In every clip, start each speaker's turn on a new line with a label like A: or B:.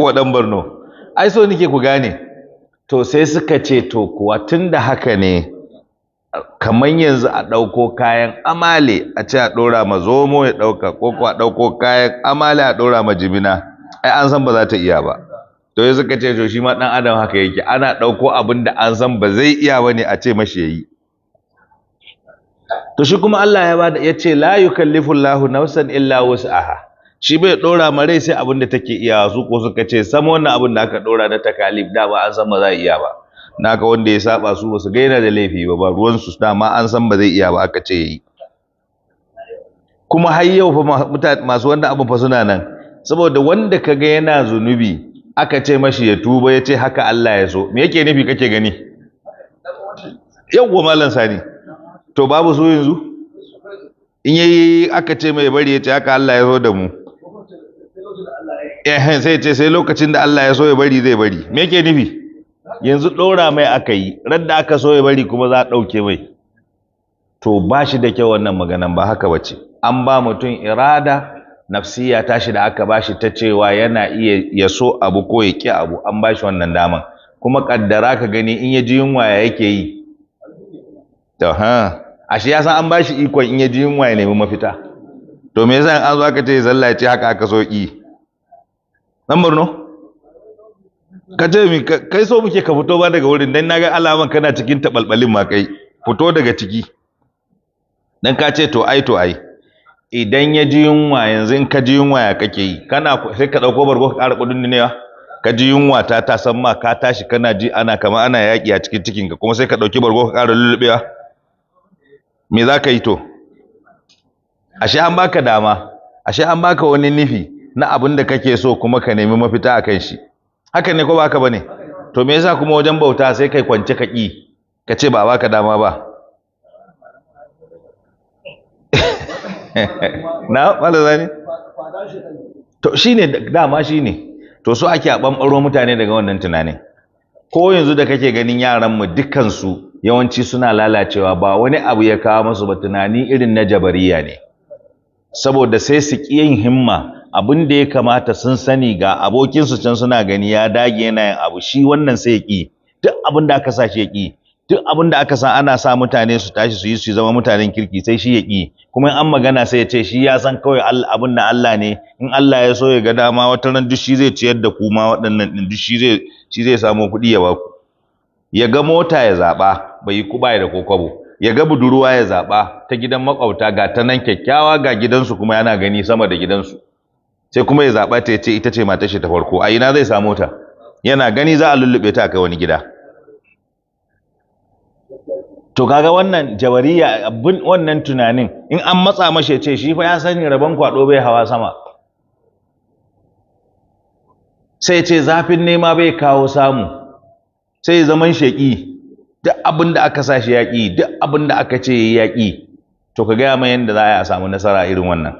A: wa ɗan ai so nike ku gane to sai suka ce to kuwa tun da haka ne kamar yanzu a ɗauko kayan amale a ce a ɗora ma zomo ya ɗauka ko kuwa ɗauko kayan amale a ɗora ma jimina ai an san ba za ta iya ba to sai suka ce to shi ma ɗan adam haka yake ana ɗauko abin da an san ba zai iya ba ne a ce mashi ya yi to shi kuma Allah ya ce la yukallifullahu nafsan illa wus'aha shi bai dora ma rai sai abin da take iya su ko suka ce sama wannan abin da aka dora na takalif da ba an san ba za iya ba naka wanda ya saba su ba su gaina da laifi ba ba ruwan su ma an san ba zai iya ba aka ce yi kuma har yau fa masu wannan abin fa suna nan saboda wanda ka yana zunubi aka ce mashi ya tuba ya ce haka Allah ya so me yake nufi kake gani yawwa malam sani to babu so yanzu in yayi aka ce mai bari ya ce haka Allah ya so da mu eh sai ce sai lokacin da Allah ya so ya bari zai bari me yake nufi yanzu ɗora mai aka yi radda aka so ya bari kuma za dauke ɗauke mai to ba da kyau wannan maganan ba haka bace an ba mutum irada nafsiya tashi da aka ba ta cewa yana iya ya so abu ko ya ki abu an ba wannan daman kuma kaddara ka gani in ya ji yunwa ya yake yi to ha ashe ya san an ba ikon in ya ji yunwa ya nemi mafita to me yasa an zo aka ce zalla ya ce haka aka so dan borno ka ce mi kai so muke ka fito ba daga wurin dan naga alaman kana cikin tabalbalin ma kai fito daga ciki dan ka ce to ai to ai idan ya ji yunwa yanzu in ka ji yunwa ya kake yi kana sai ka dauko bargo ka ƙara kudin ne ka ji yunwa ta ta san ma ka tashi kana ji ana kama ana yaƙi a cikin cikin ka kuma sai ka dauki bargo ka ƙara lullubewa me za ka yi to ashe an baka dama ashe an baka wani nufi na abin da kake so kuma ka nemi mafita akan shi haka ne ko ba ba bane to me yasa kuma wajen bauta sai kai kwance ka ki ka ce ba a baka dama ba na malala ne to shine dama shine to so ake a banbaro mutane daga wannan tunanin ko yanzu da kake ganin yaran mu dukkan yawanci suna lalacewa ba wani abu ya kawo masu ba tunani irin na jabariya ne saboda sai su ƙi yin himma abin da ya kamata sun sani ga abokinsu can suna gani ya dage yana yin abu shi wannan sai ya ƙi duk abin da aka sa shi ya ƙi duk abin da aka sa ana sa mutane su tashi su yi su zama mutanen kirki sai shi ya ƙi kuma in an magana sai ya ce shi ya san kawai abin da Allah ne in Allah ya so ya ga dama wata ran duk shi zai ciyar da ku ma waɗannan din duk shi zai shi zai samu kuɗi ya baku ya ga mota ya zaba, bai yi kuɓa da kokobo ya ga budurwa ya zaba, ta gidan makwabta ga ta kyakkyawa ga gidansu kuma yana gani sama da gidansu sai kuma ya zaɓa ta ya ce ita ce mata shi ta farko a ina zai samu ta yana gani za a lullube ta a kai wani gida to kaga wannan jawariya abin wannan tunanin in an matsa mashi ce shi fa ya sani rabon kwado bai hawa sama sai ce zafin nema bai kawo samu sai zaman sheƙi duk abin da aka sa shi yaƙi duk abin da aka ce yaƙi to ka gaya mai yadda za a yi a samu nasara irin wannan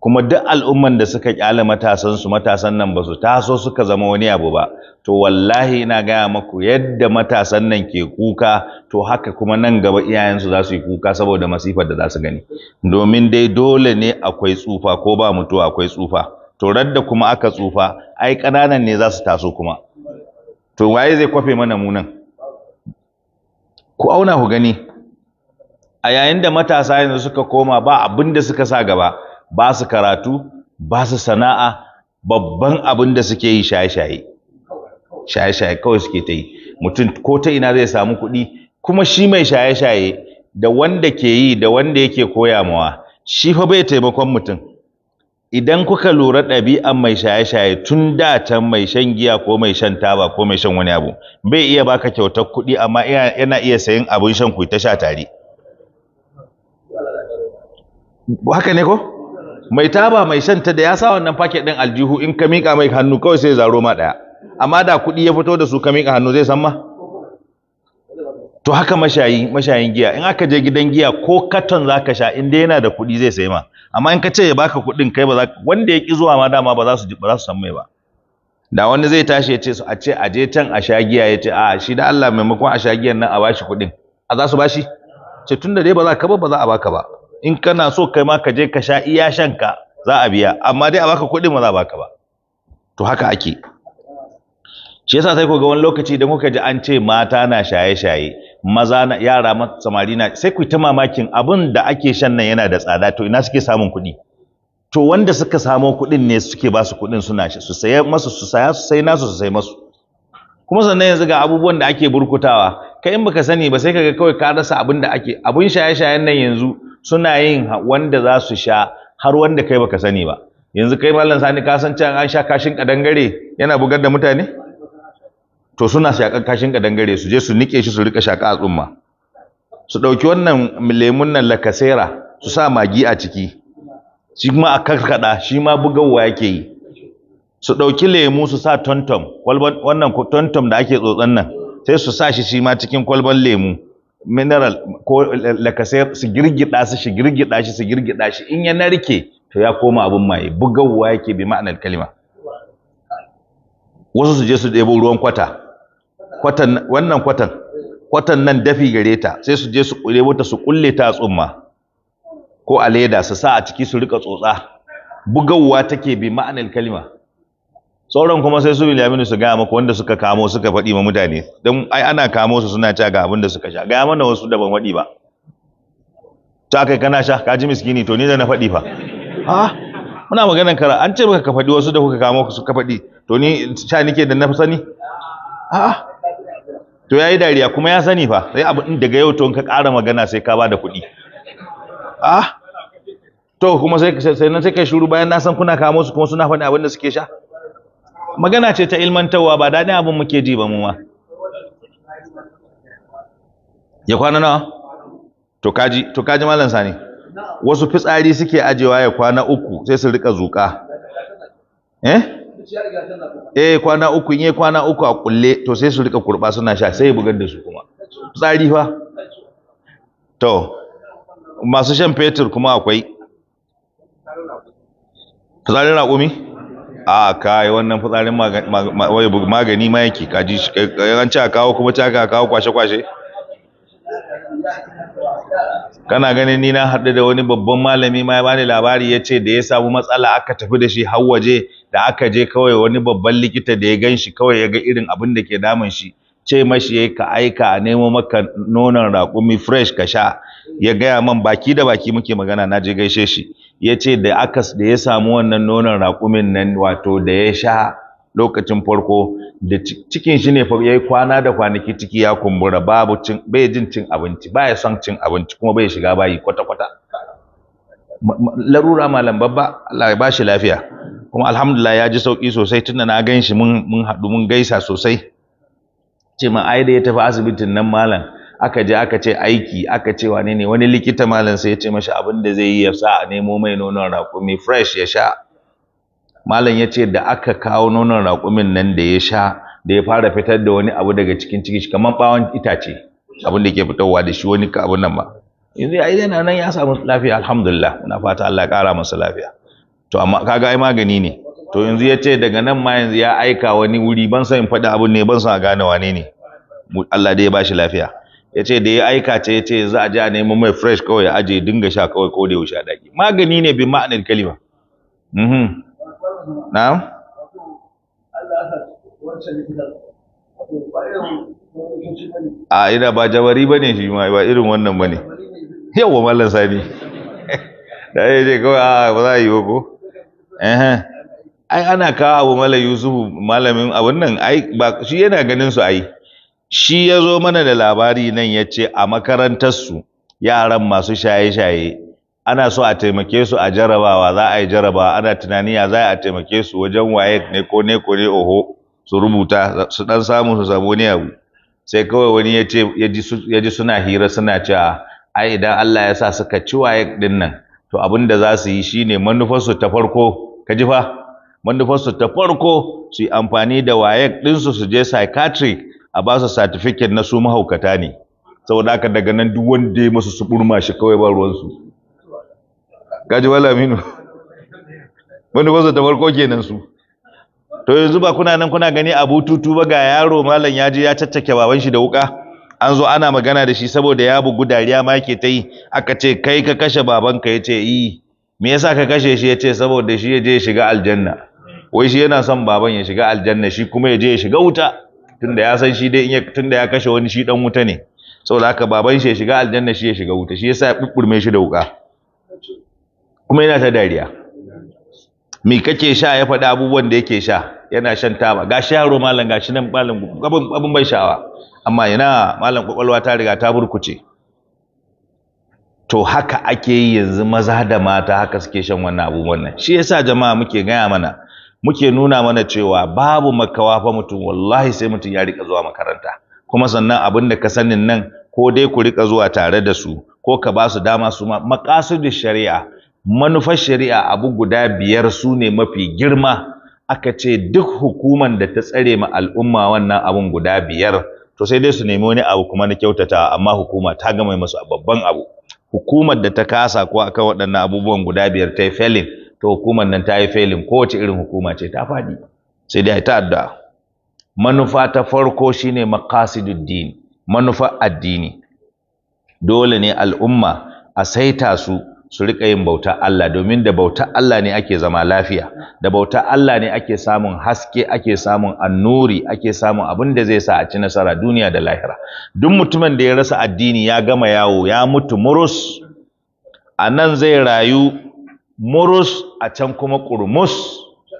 A: kuma duk al'umman da suka kyale matasan su matasan nan ba su taso suka zama wani abu ba to wallahi ina gaya maku yadda matasan nan ke kuka to haka kuma nan gaba iyayensu za su yi kuka saboda masifar da za su gani domin dai dole ne akwai tsufa ko ba mutuwa akwai tsufa to radda kuma aka tsufa ai ƙananan ne za su taso kuma to waye zai kwafe mana mu ku auna ku gani a yayin da matasa yanzu suka koma ba abin da suka sa gaba ba su karatu ba su sana'a babban abin da suke yi shaye-shaye shaye-shaye kawai suke ta yi mutum ko ta ina zai samu kuɗi kuma shi mai shaye-shaye da wanda ke yi da wanda yake koya mawa shi fa bai taimakon mutum idan kuka lura ɗabi'an mai shaye-shaye tun da can mai shan giya ko mai shan taba ko mai shan wani abu bai iya baka kyautar kuɗi amma yana iya sayan abin shan ku ta sha tare haka ne ko mai taba mai shanta da ya sa wannan paket din aljihu in ka mika mai hannu kawai sai zaro ma daya amma da kuɗi ya fito da su ka mika hannu zai san ma to haka mashayi mashayin giya in aka je gidan giya ko katon zaka sha inda yana da kuɗi zai sai ma amma in ka ce ya baka kuɗin kai ba za wanda ya ki zuwa ma dama ba za su ba za su san mai ba da wani zai tashi ya ce su a ce a je can a sha giya ya ce a shi da Allah maimakon a sha giyan nan a bashi kuɗin a za su bashi ce tunda dai ba za ka ba ba za a baka ba in kana so kai ma ka je ka sha iya shanka za a biya amma dai a baka kuɗin ma za a baka ba to haka ake shi yasa sai ku ga wani lokaci idan kuka ji an ce mata na shaye-shaye maza na yara samari na sai ku ta mamakin abin da ake shan nan yana da tsada to ina suke samun kuɗi to wanda suka samo kuɗin ne suke ba su kuɗin suna shi su saye masu su saya su sai nasu su sai masu kuma sannan yanzu ga abubuwan da ake burkutawa kai in baka sani ba sai kaga kawai ka rasa abin da ake abin shaye-shayen nan yanzu suna yin wanda za su sha har wanda kai baka sani ba yanzu kai mallan sani ka san an sha kashin kadangare yana bugar da mutane to suna sha kashin kadangare su je su nike shi su rika shaka a su ɗauki wannan lemun nan lakasera su sa magi a ciki shi ma a karkada shi ma bugawa yake yi su ɗauki lemu su sa tontom wannan tontom da ake tsotsan nan sai su sa shi shi ma cikin kwalban lemu mineral ko lakasai su girgida su shi girgida shi su girgida shi in ya narke to ya koma abin maye bugawa yake bi ma'anar kalima wasu su je su ɗebo ruwan kwata kwatan wannan kwatan kwatan nan dafi gare ta sai su je su ɗebo ta su kulle ta tsumma ko a leda su sa a ciki su rika tsotsa bugawa take bi ma'anar kalima sauran kuma sai su bilaminu su gaya maka wanda suka kamo suka faɗi ma mutane don ai ana kamo su suna ca ga abin da suka sha gaya mana wasu da waɗi ba ta kai kana sha ka ji miskini to ni da na faɗi fa a muna maganar kara an ce baka ka faɗi wasu da kuka kamo su ka faɗi to ni sha nike da na sani a to yayi dariya kuma ya sani fa sai abu daga yau to in ka ƙara magana sai ka ba da kuɗi a to kuma sai sai nan sai kai shuru bayan na san kuna kamo su kuma suna faɗi abin da suke sha magana ce ta ilmantarwa ba daɗin abin muke ji ba mu ma ya kwana nawa to kaji to kaji malam sani wasu fitsari suke ajewa ya kwana uku sai su rika zuka eh eh kwana uku in kwana uku a kulle to sai su rika kurba suna sha sai bugar da su kuma fitsari fa to masu shan fetur kuma akwai fitsarin raƙumi a kai wannan fitsarin magani ma yake kaji an ci a kawo kuma ta a kawo kwashe-kwashe kana ganin ni na haɗu da wani babban malami ma ya bani labari ya ce da ya samu matsala aka tafi da shi har waje da aka je kawai wani babban likita da ya ganshi kawai ya ga irin abin da ke damun shi ce mashi yayi ka aika a nemo maka nonon raƙumi fresh ka sha ya gaya man baki da baki muke magana na je gaishe shi ya ce da akas da ya samu wannan nonon raƙumin nan wato da ya sha lokacin farko da cikin shi ne ya yi kwana da kwanaki ciki ya kumbura babu cin bai jin cin abinci ba ya son cin abinci kuma bai shiga bayi kwata-kwata larura malam babba Allah ya bashi lafiya kuma alhamdulillah ya ji sauki sosai tunda na gan shi mun haɗu mun gaisa sosai ce ma ai da ya tafi asibitin nan malam aka je aka ce aiki aka ce wane ne wani likita malam sai ya ce mashi abin da zai yi ya sa a nemo mai nonon raƙumi fresh ya sha malam ya ce da aka kawo nonon rakumin nan da ya sha da ya fara fitar da wani abu daga cikin ciki kamar bawon itace abin da ke fitowa da shi wani abin nan ba yanzu ai dai nan ya samu lafiya alhamdulillah muna fata Allah ya ƙara masa lafiya to amma kaga ai magani ne to yanzu ya ce daga nan ma yanzu ya aika wani wuri ban san in faɗi abin ne ban san a gane wane ne Allah dai ya bashi lafiya ya ce da ya aika ce ya ce yanzu a ji a neman mai fresh kawai ya aje dinga sha kawai ko da yaushe a daki magani ne bi ma'anar kalima mhm na a ina ba jabari bane shi ma ba irin wannan bane yawa mallan sani da ya ce kawai a ba za a yi ba ko eh ai ana kawo abu mala yusufu malamin abun nan ai ba shi yana ganin su ai shi ya zo mana da labari nan ya ce a makarantarsu yaran masu shaye-shaye ana so a taimake su a jarabawa za a yi jarabawa ana tunani ya za a taimake su wajen waye ne ko ne ko ne oho su rubuta su dan samu su samu ne abu sai kawai wani ya ce ya ji suna hira suna cewa ah, ai idan Allah ya sa suka ci waye din nan to abin da za su yi shine manufarsu ta farko ka ji fa manufarsu ta farko su yi amfani da wayek ɗinsu su je psychiatric a ba su certificate na su mahaukata ne saboda haka daga nan duk wanda ya masu su burma shi kawai ba ruwansu gaji wala minu. manufarsu ta farko kenan su to yanzu ba kuna nan kuna gani abu tutu ba ga yaro malam ya je ya caccake baban shi da wuka an zo ana magana da shi saboda ya bugu dariya ma yake ta yi aka ce kai ka kashe babanka ya ce yi me yasa ka kashe shi ya ce saboda shi ya je shiga aljanna wai shi yana son baban ya shiga aljanna shi kuma ya je ya shiga wuta tunda ya san shi dai in tunda ya kashe wani shi dan wuta ne saboda haka baban shi ya shiga aljanna shi ya shiga wuta shi yasa ya bubburme shi da wuka kuma yana ta dariya me kake sha ya faɗi abubuwan da yake sha yana shan taba gashi yaro malam gashi nan malam gaban abun ban sha'awa amma yana malam kwakwalwa ta riga ta burkuce to haka ake yi yanzu maza da mata haka suke shan wannan abubuwan nan shi yasa jama'a muke gaya mana muke nuna mana cewa babu makawa fa mutum wallahi sai mutum ya rika zuwa makaranta kuma sannan abin da ka sanin nan ko dai ku rika zuwa tare da su ko ka ba su dama su ma shari'a manufar shari'a abu guda biyar su ne mafi girma aka ce duk hukuman da ta tsare ma al'umma wannan abun guda biyar to sai dai su nemi wani abu kuma na kyautata amma hukuma ta gama masu babban abu hukumar da ta kasa ko akan waɗannan abubuwan guda biyar ta yi felin to hukumar nan ta yi failing kowace irin hukuma ce ta faɗi sai dai ta addu'a manufa ta farko shine maqasiduddin manufa addini dole ne al'umma a saita su su rika yin bauta Allah domin da bauta Allah ne ake zama lafiya da bauta Allah ne ake samun haske ake samun annuri ake samun abin da zai sa a ci nasara duniya da lahira duk mutumin da ya rasa addini ya gama yawo ya mutu murus a nan zai rayu murus a can kuma ƙurmus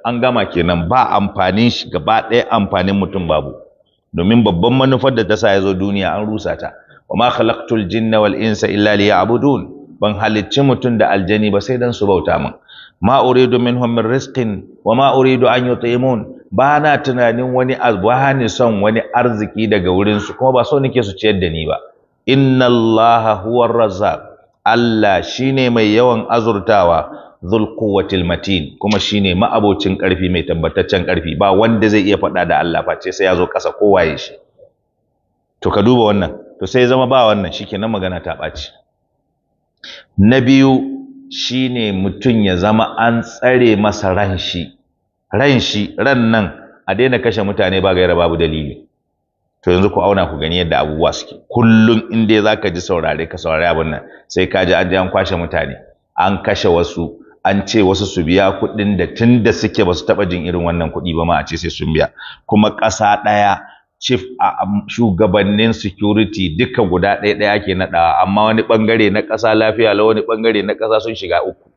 A: an gama kenan ba amfanin shi gaba ɗaya amfanin mutum babu domin babban manufar da ta sa ya zo duniya an rusa ta wa ma khalaqtul jinna wal insa illa liya'budun ban halicci mutum da aljani ba sai dan su bauta min ma uridu minhum min rizqin wa ma uridu an yut'imun ba na tunanin wani azbahani son wani arziki daga wurin su kuma ba so nake su ciyar da ni ba inna allaha huwar razzaq Allah shine mai yawan azurtawa zulkuwatil matin kuma shine ma'abocin karfi mai tabbataccen karfi ba wanda zai iya faɗa da Allah face sai ya zo ƙasa kowa ya shi to ka duba wannan to sai zama ba wannan nan magana ta ɓaci na biyu shine mutum ya zama an tsare masa ran shi ran shi ran nan a daina kashe mutane ba gaira babu dalili to yanzu ku auna ku gani yadda abubuwa suke kullum in dai zaka ji saurare ka saurare abin nan sai ka ji an ji an kwashe mutane an kashe wasu an ce wasu su biya kuɗin da tun da suke ba su taɓa jin irin wannan kuɗi ba ma a ce sai sun biya kuma ƙasa ɗaya chief a shugabannin security duka guda ɗaya ɗaya ke naɗawa amma wani ɓangare na ƙasa lafiya la wani ɓangare na ƙasa sun shiga uku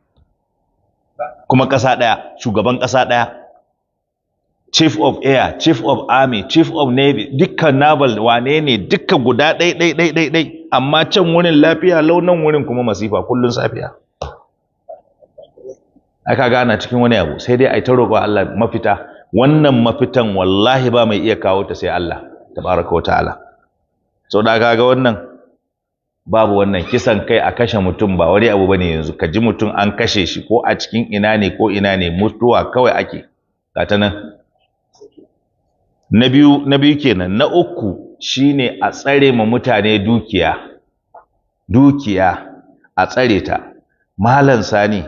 A: kuma ƙasa ɗaya shugaban ƙasa ɗaya chief of air chief of army chief of navy duka naval wane ne dukka guda ɗai ɗai ɗai ɗai amma can wurin lafiya launan wurin kuma masifa kullun safiya ai kaga ana cikin wani abu sai dai ai ta roƙo Allah mafita wannan mafitan wallahi ba mai iya kawo ta sai Allah tabaraka wataala so da kaga wannan babu wannan kisan kai a kashe mutum ba wani abu bane yanzu ka ji mutum an kashe shi ko a cikin ina ne ko ina ne mutuwa kawai ake gata nan na biyu na biyu kenan na uku shine a tsare ma mutane dukiya dukiya a tsare ta malan sani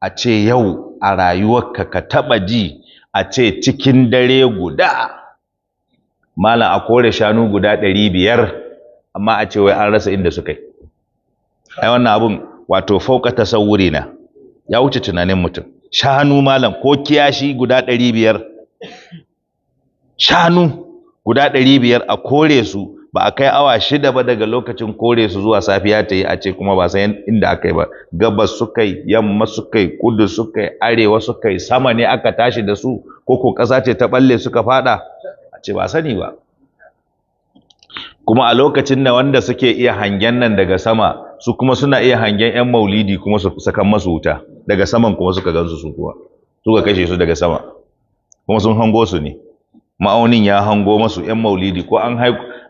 A: a ce yau a rayuwarka ka taɓa ji a ce cikin dare guda malam a kore shanu guda ɗari biyar amma a ce wai an rasa inda suka yi ai wannan abun wato fauka tasawuri na ya wuce tunanin mutum shanu malam ko kiyashi guda ɗari biyar shanu guda ɗari biyar a kore su ba a kai awa shida ba daga lokacin kore su zuwa safiya ta yi a ce kuma ba san inda aka yi ba gabas suka yi yamma suka yi kudu suka yi arewa suka yi sama ne aka tashi da su ko ko ƙasa ce ta balle suka fada a ce ba sani ba kuma a lokacin da wanda suke iya hangen nan daga sama su kuma suna iya hangen yan maulidi kuma su sakan masu wuta daga saman kuma suka gansu su kuma suka kashe su daga sama kuma sun hango su ne ma'aunin ya hango masu yan maulidi ko an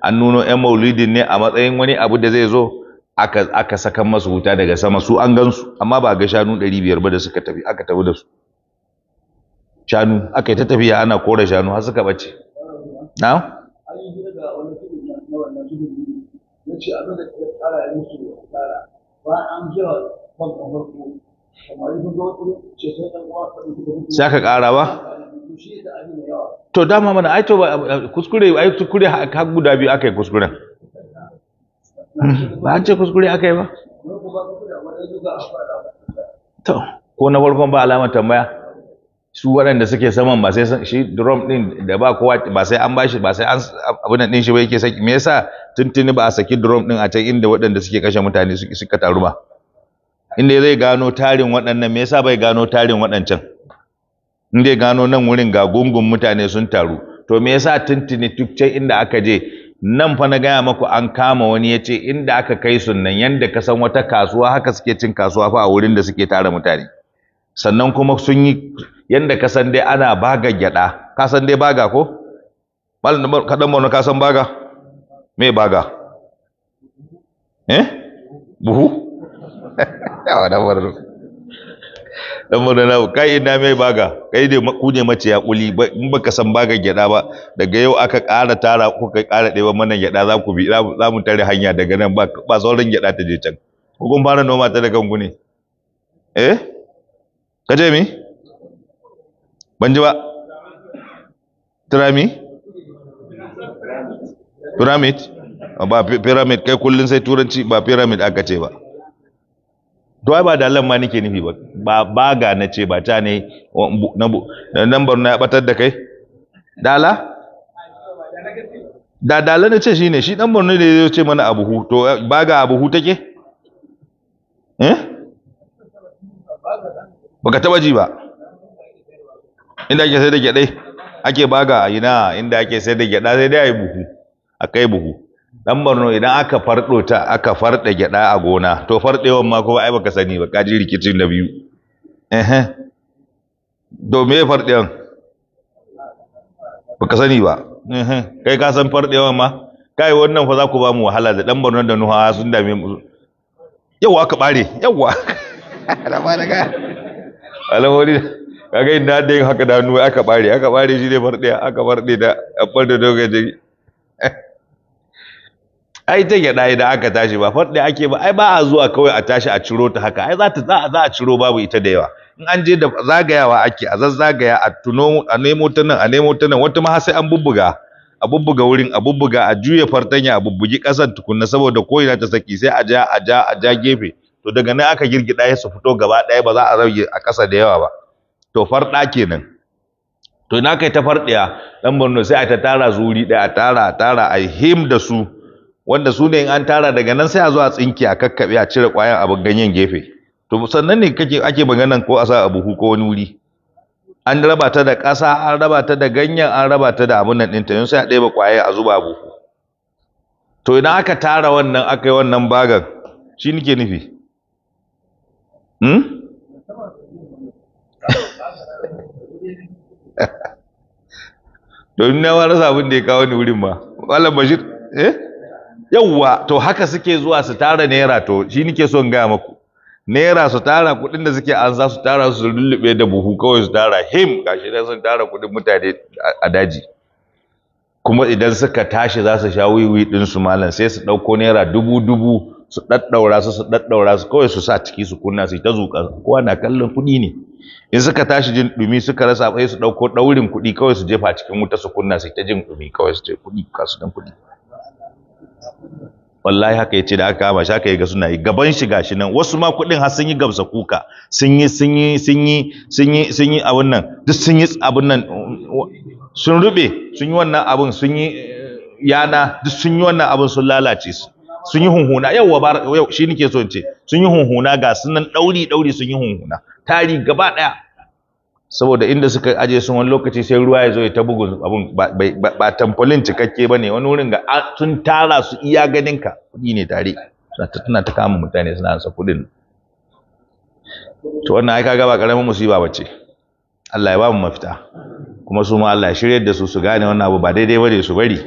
A: an nuno yan maulidin ne a matsayin wani abu da zai zo aka aka sakan masu wuta daga sama su an gansu amma ba ga shanu 500 ba da suka tafi aka tafi da su shanu aka yi ta tafiya ana kora shanu har suka bace
B: na sai aka ƙara ba
A: to dama mana ai to kuskure ai kuskure har guda biyu aka yi kuskuren ba an ce kuskure aka yi ba to ko na farkon ba alamar tambaya su waɗanda suke saman ba sai shi drum ɗin da ba kowa ba sai an bashi ba sai an abin ɗin shi ba yake saki me yasa tuntuni ba a saki drum ɗin a can inda waɗanda suke kashe mutane suka taru ba inda zai gano tarin waɗannan me yasa bai gano tarin waɗancan inda dai gano nan wurin ga gungun mutane sun taru to me yasa tuntuni duk can inda aka je nan fa na gaya maku an kama wani ya ce inda aka kai su nan yanda ka san wata kasuwa haka suke cin kasuwa fa a wurin da suke tara mutane sannan kuma sun yi yanda ka san dai ana baga gyada ka san dai baga ko malam kadan bauna ka san baga me baga eh buhu yawa da dan murna kai na mai baga kai dai ku ne mace ya kuli in baka san baga gyada ba daga yau aka ƙara tara kai ƙara ɗeba mana gyada za ku bi za mu tare hanya daga nan ba ba sauran gyada ta je can ku kun fara noma ta da kanku ne eh kaje mi ban ji ba turami pyramid ba pyramid kai kullun sai turanci ba pyramid aka ce ba to ai ba Allah ma nake nufi ba ba ga na ce ba ta ne na lambar na batar da kai dala da dala na ce shine shi dan ne da ya ce mana hu, to eh, ba abu hu take eh baka taba ji ba inda ake sai da gyadai ake baga ina inda ake sai da gyada sai dai ai buhu akai buhu dan Borno idan aka fardo ta aka farda gyada a gona to fardewan ma ko ai baka sani ba ka ji rikicin da biyu eh do me fardewan baka sani ba eh kai ka san fardewan ma kai wannan fa za ku ba mu wahala da dan Borno da Nuha sun dame mu yau aka bare yauwa
C: da ba daga
A: alhori kaga inda da yin haka da hannu aka bare aka bare shi ne fardiya aka farɗe da farda dogaje ai ta gyaɗa idan aka tashi ba faɗi ake ba ai ba a zuwa kawai a tashi a ciro ta haka ai za ta za a ciro babu ita da yawa in an je da zagayawa ake a zazzagaya a tuno a nemo ta nan a nemo ta nan wata ma sai an bubbuga a bubbuga wurin a bubbuga a juya fartanya a bubbugi ƙasar tukunna saboda ko ina ta saki sai a ja a ja a ja gefe to daga nan aka girgida ya su fito gaba ɗaya ba za a rage a ƙasa da yawa ba to farɗa kenan to ina kai ta farɗiya dan Borno sai a ta tara zuri ɗaya a tara a tara a him da su wanda su ne in an tara daga nan sai a zo a tsinki a kakkaɓe a cire ƙwayan abin ganyen gefe to sannan ne kake ake maganan ko a sa a buhu ko wani wuri an raba ta da ƙasa an raba ta da ganyen an raba ta da abin nan ɗinta yin sai a ɗeba ƙwaye a zuba buhu to idan aka tara wannan aka yi wannan bagan shi nike nufi domin hmm? na rasa abin da ya kawo ni wurin ma malam bashir eh yawwa to haka suke zuwa su tara naira to shi nike son gaya maku naira su tara kuɗin da suke an za su tara su lullube da buhu kawai su tara him gashi dai sun tara kuɗin mutane a daji kuma idan suka tashi za su sha wiwi ɗin su malam sai su ɗauko naira dubu dubu su ɗaɗɗaura su su ɗaɗɗaura su kawai su sa ciki su kunna su ta zuƙa kowa na kallon kuɗi ne in suka tashi jin ɗumi suka rasa sai su ɗauko ɗaurin kuɗi kawai su jefa cikin wuta su kunna su ta jin ɗumi kawai su je kudi kasu dan kudi wallahi haka yace da aka kama shi haka ga suna yi gaban shi gashi nan wasu ma kudin har sun yi gamsa kuka sun yi sun yi sun yi sun yi sun yi abun nan duk sun yi abun nan sun rube sun yi wannan abun sun yi eh, yana duk sun yi wannan abun sun lalace su sun yi hunhuna yau wa yau shi nake so in ce sun yi hunhuna ga sunan dauri dauri sun yi hunhuna tari gaba daya saboda inda suka aje su wani lokaci sai ruwa ya zo ya ta bugu abun ba tamfolin cikakke ba ne wani wurin ga sun tara su iya ganin ka kuɗi ne tare tana ta kama mutane suna ansa kuɗin to wannan ai kaga ba karamin musiba bace Allah ya ba mu mafita kuma su ma Allah ya shiryar da su su gane wannan abu ba daidai bane su bari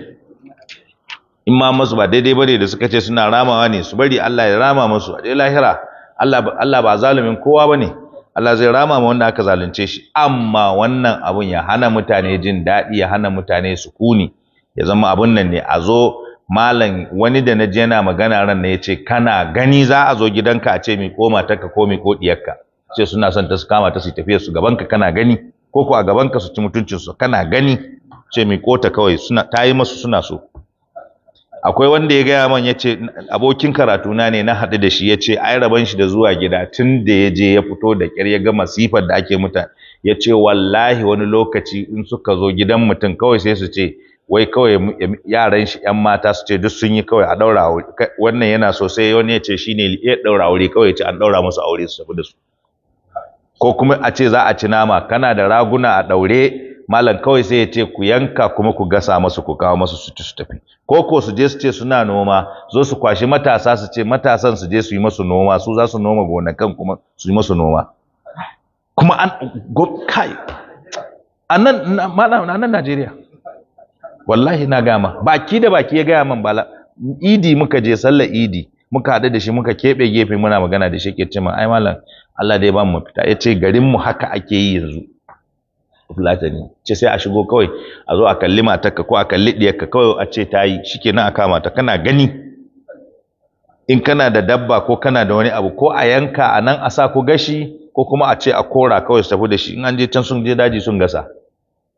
A: in ma masu ba daidai bane da suka ce suna ramawa ne su bari Allah ya rama musu a lahira Allah Allah ba zalumin kowa bane Allah zai rama ma wanda aka zalunce shi amma wannan abun ya hana mutane jin daɗi ya hana mutane sukuni ya zama abun nan ne a zo malam wani da na yana magana ran ne yace kana gani za a zo gidanka a ce mi koma ka, ko mi ko diyarka ce suna son ta su kama ta su tafiya su gabanka kana gani ko ko a gabanka su ci mutuncin su kana gani ce mi kota kawai suna tayi masu suna so akwai wanda ya gaya man ya ce abokin karatuna ne na haɗu da shi ya ce ai raban shi da zuwa gida tun da ya je ya fito da ƙyar ya ga masifar da ake mutane ya ce wallahi wani lokaci in suka zo gidan mutum kawai sai su ce wai kawai yaran shi yan mata su ce duk sun yi kawai a ɗaura aure wannan yana sosai sai wani ya ce shine ya ɗaura aure kawai ya ce an ɗaura musu aure su tafi da su ko kuma a ce za a ci nama kana da raguna a ɗaure malam kawai sai ya ce ku yanka kuma ku gasa masu ku kawo masu su ci su tafi ko ko su je su ce suna noma zo su kwashi matasa su ce matasan su je su yi masu noma su za su noma gonakan kuma su yi masu noma kuma an go kai a nan malam anan Najeriya wallahi na gama baki da baki ya gaya man bala idi muka je sallar idi muka haɗu da shi muka keɓe gefe muna magana da shi ke ce ai malam Allah dai ba mu fita ya ce garin mu haka ake yi yanzu fulatani ce sai a shigo kawai a zo a kalli matarka ko a kalli ɗiyarka kawai a ce ta yi shikenan a kama ta kana gani in kana da dabba ko kana da wani abu ko a yanka a nan a sa ku gashi ko kuma a ce a kora kawai su tafi da shi in an je can sun je daji sun gasa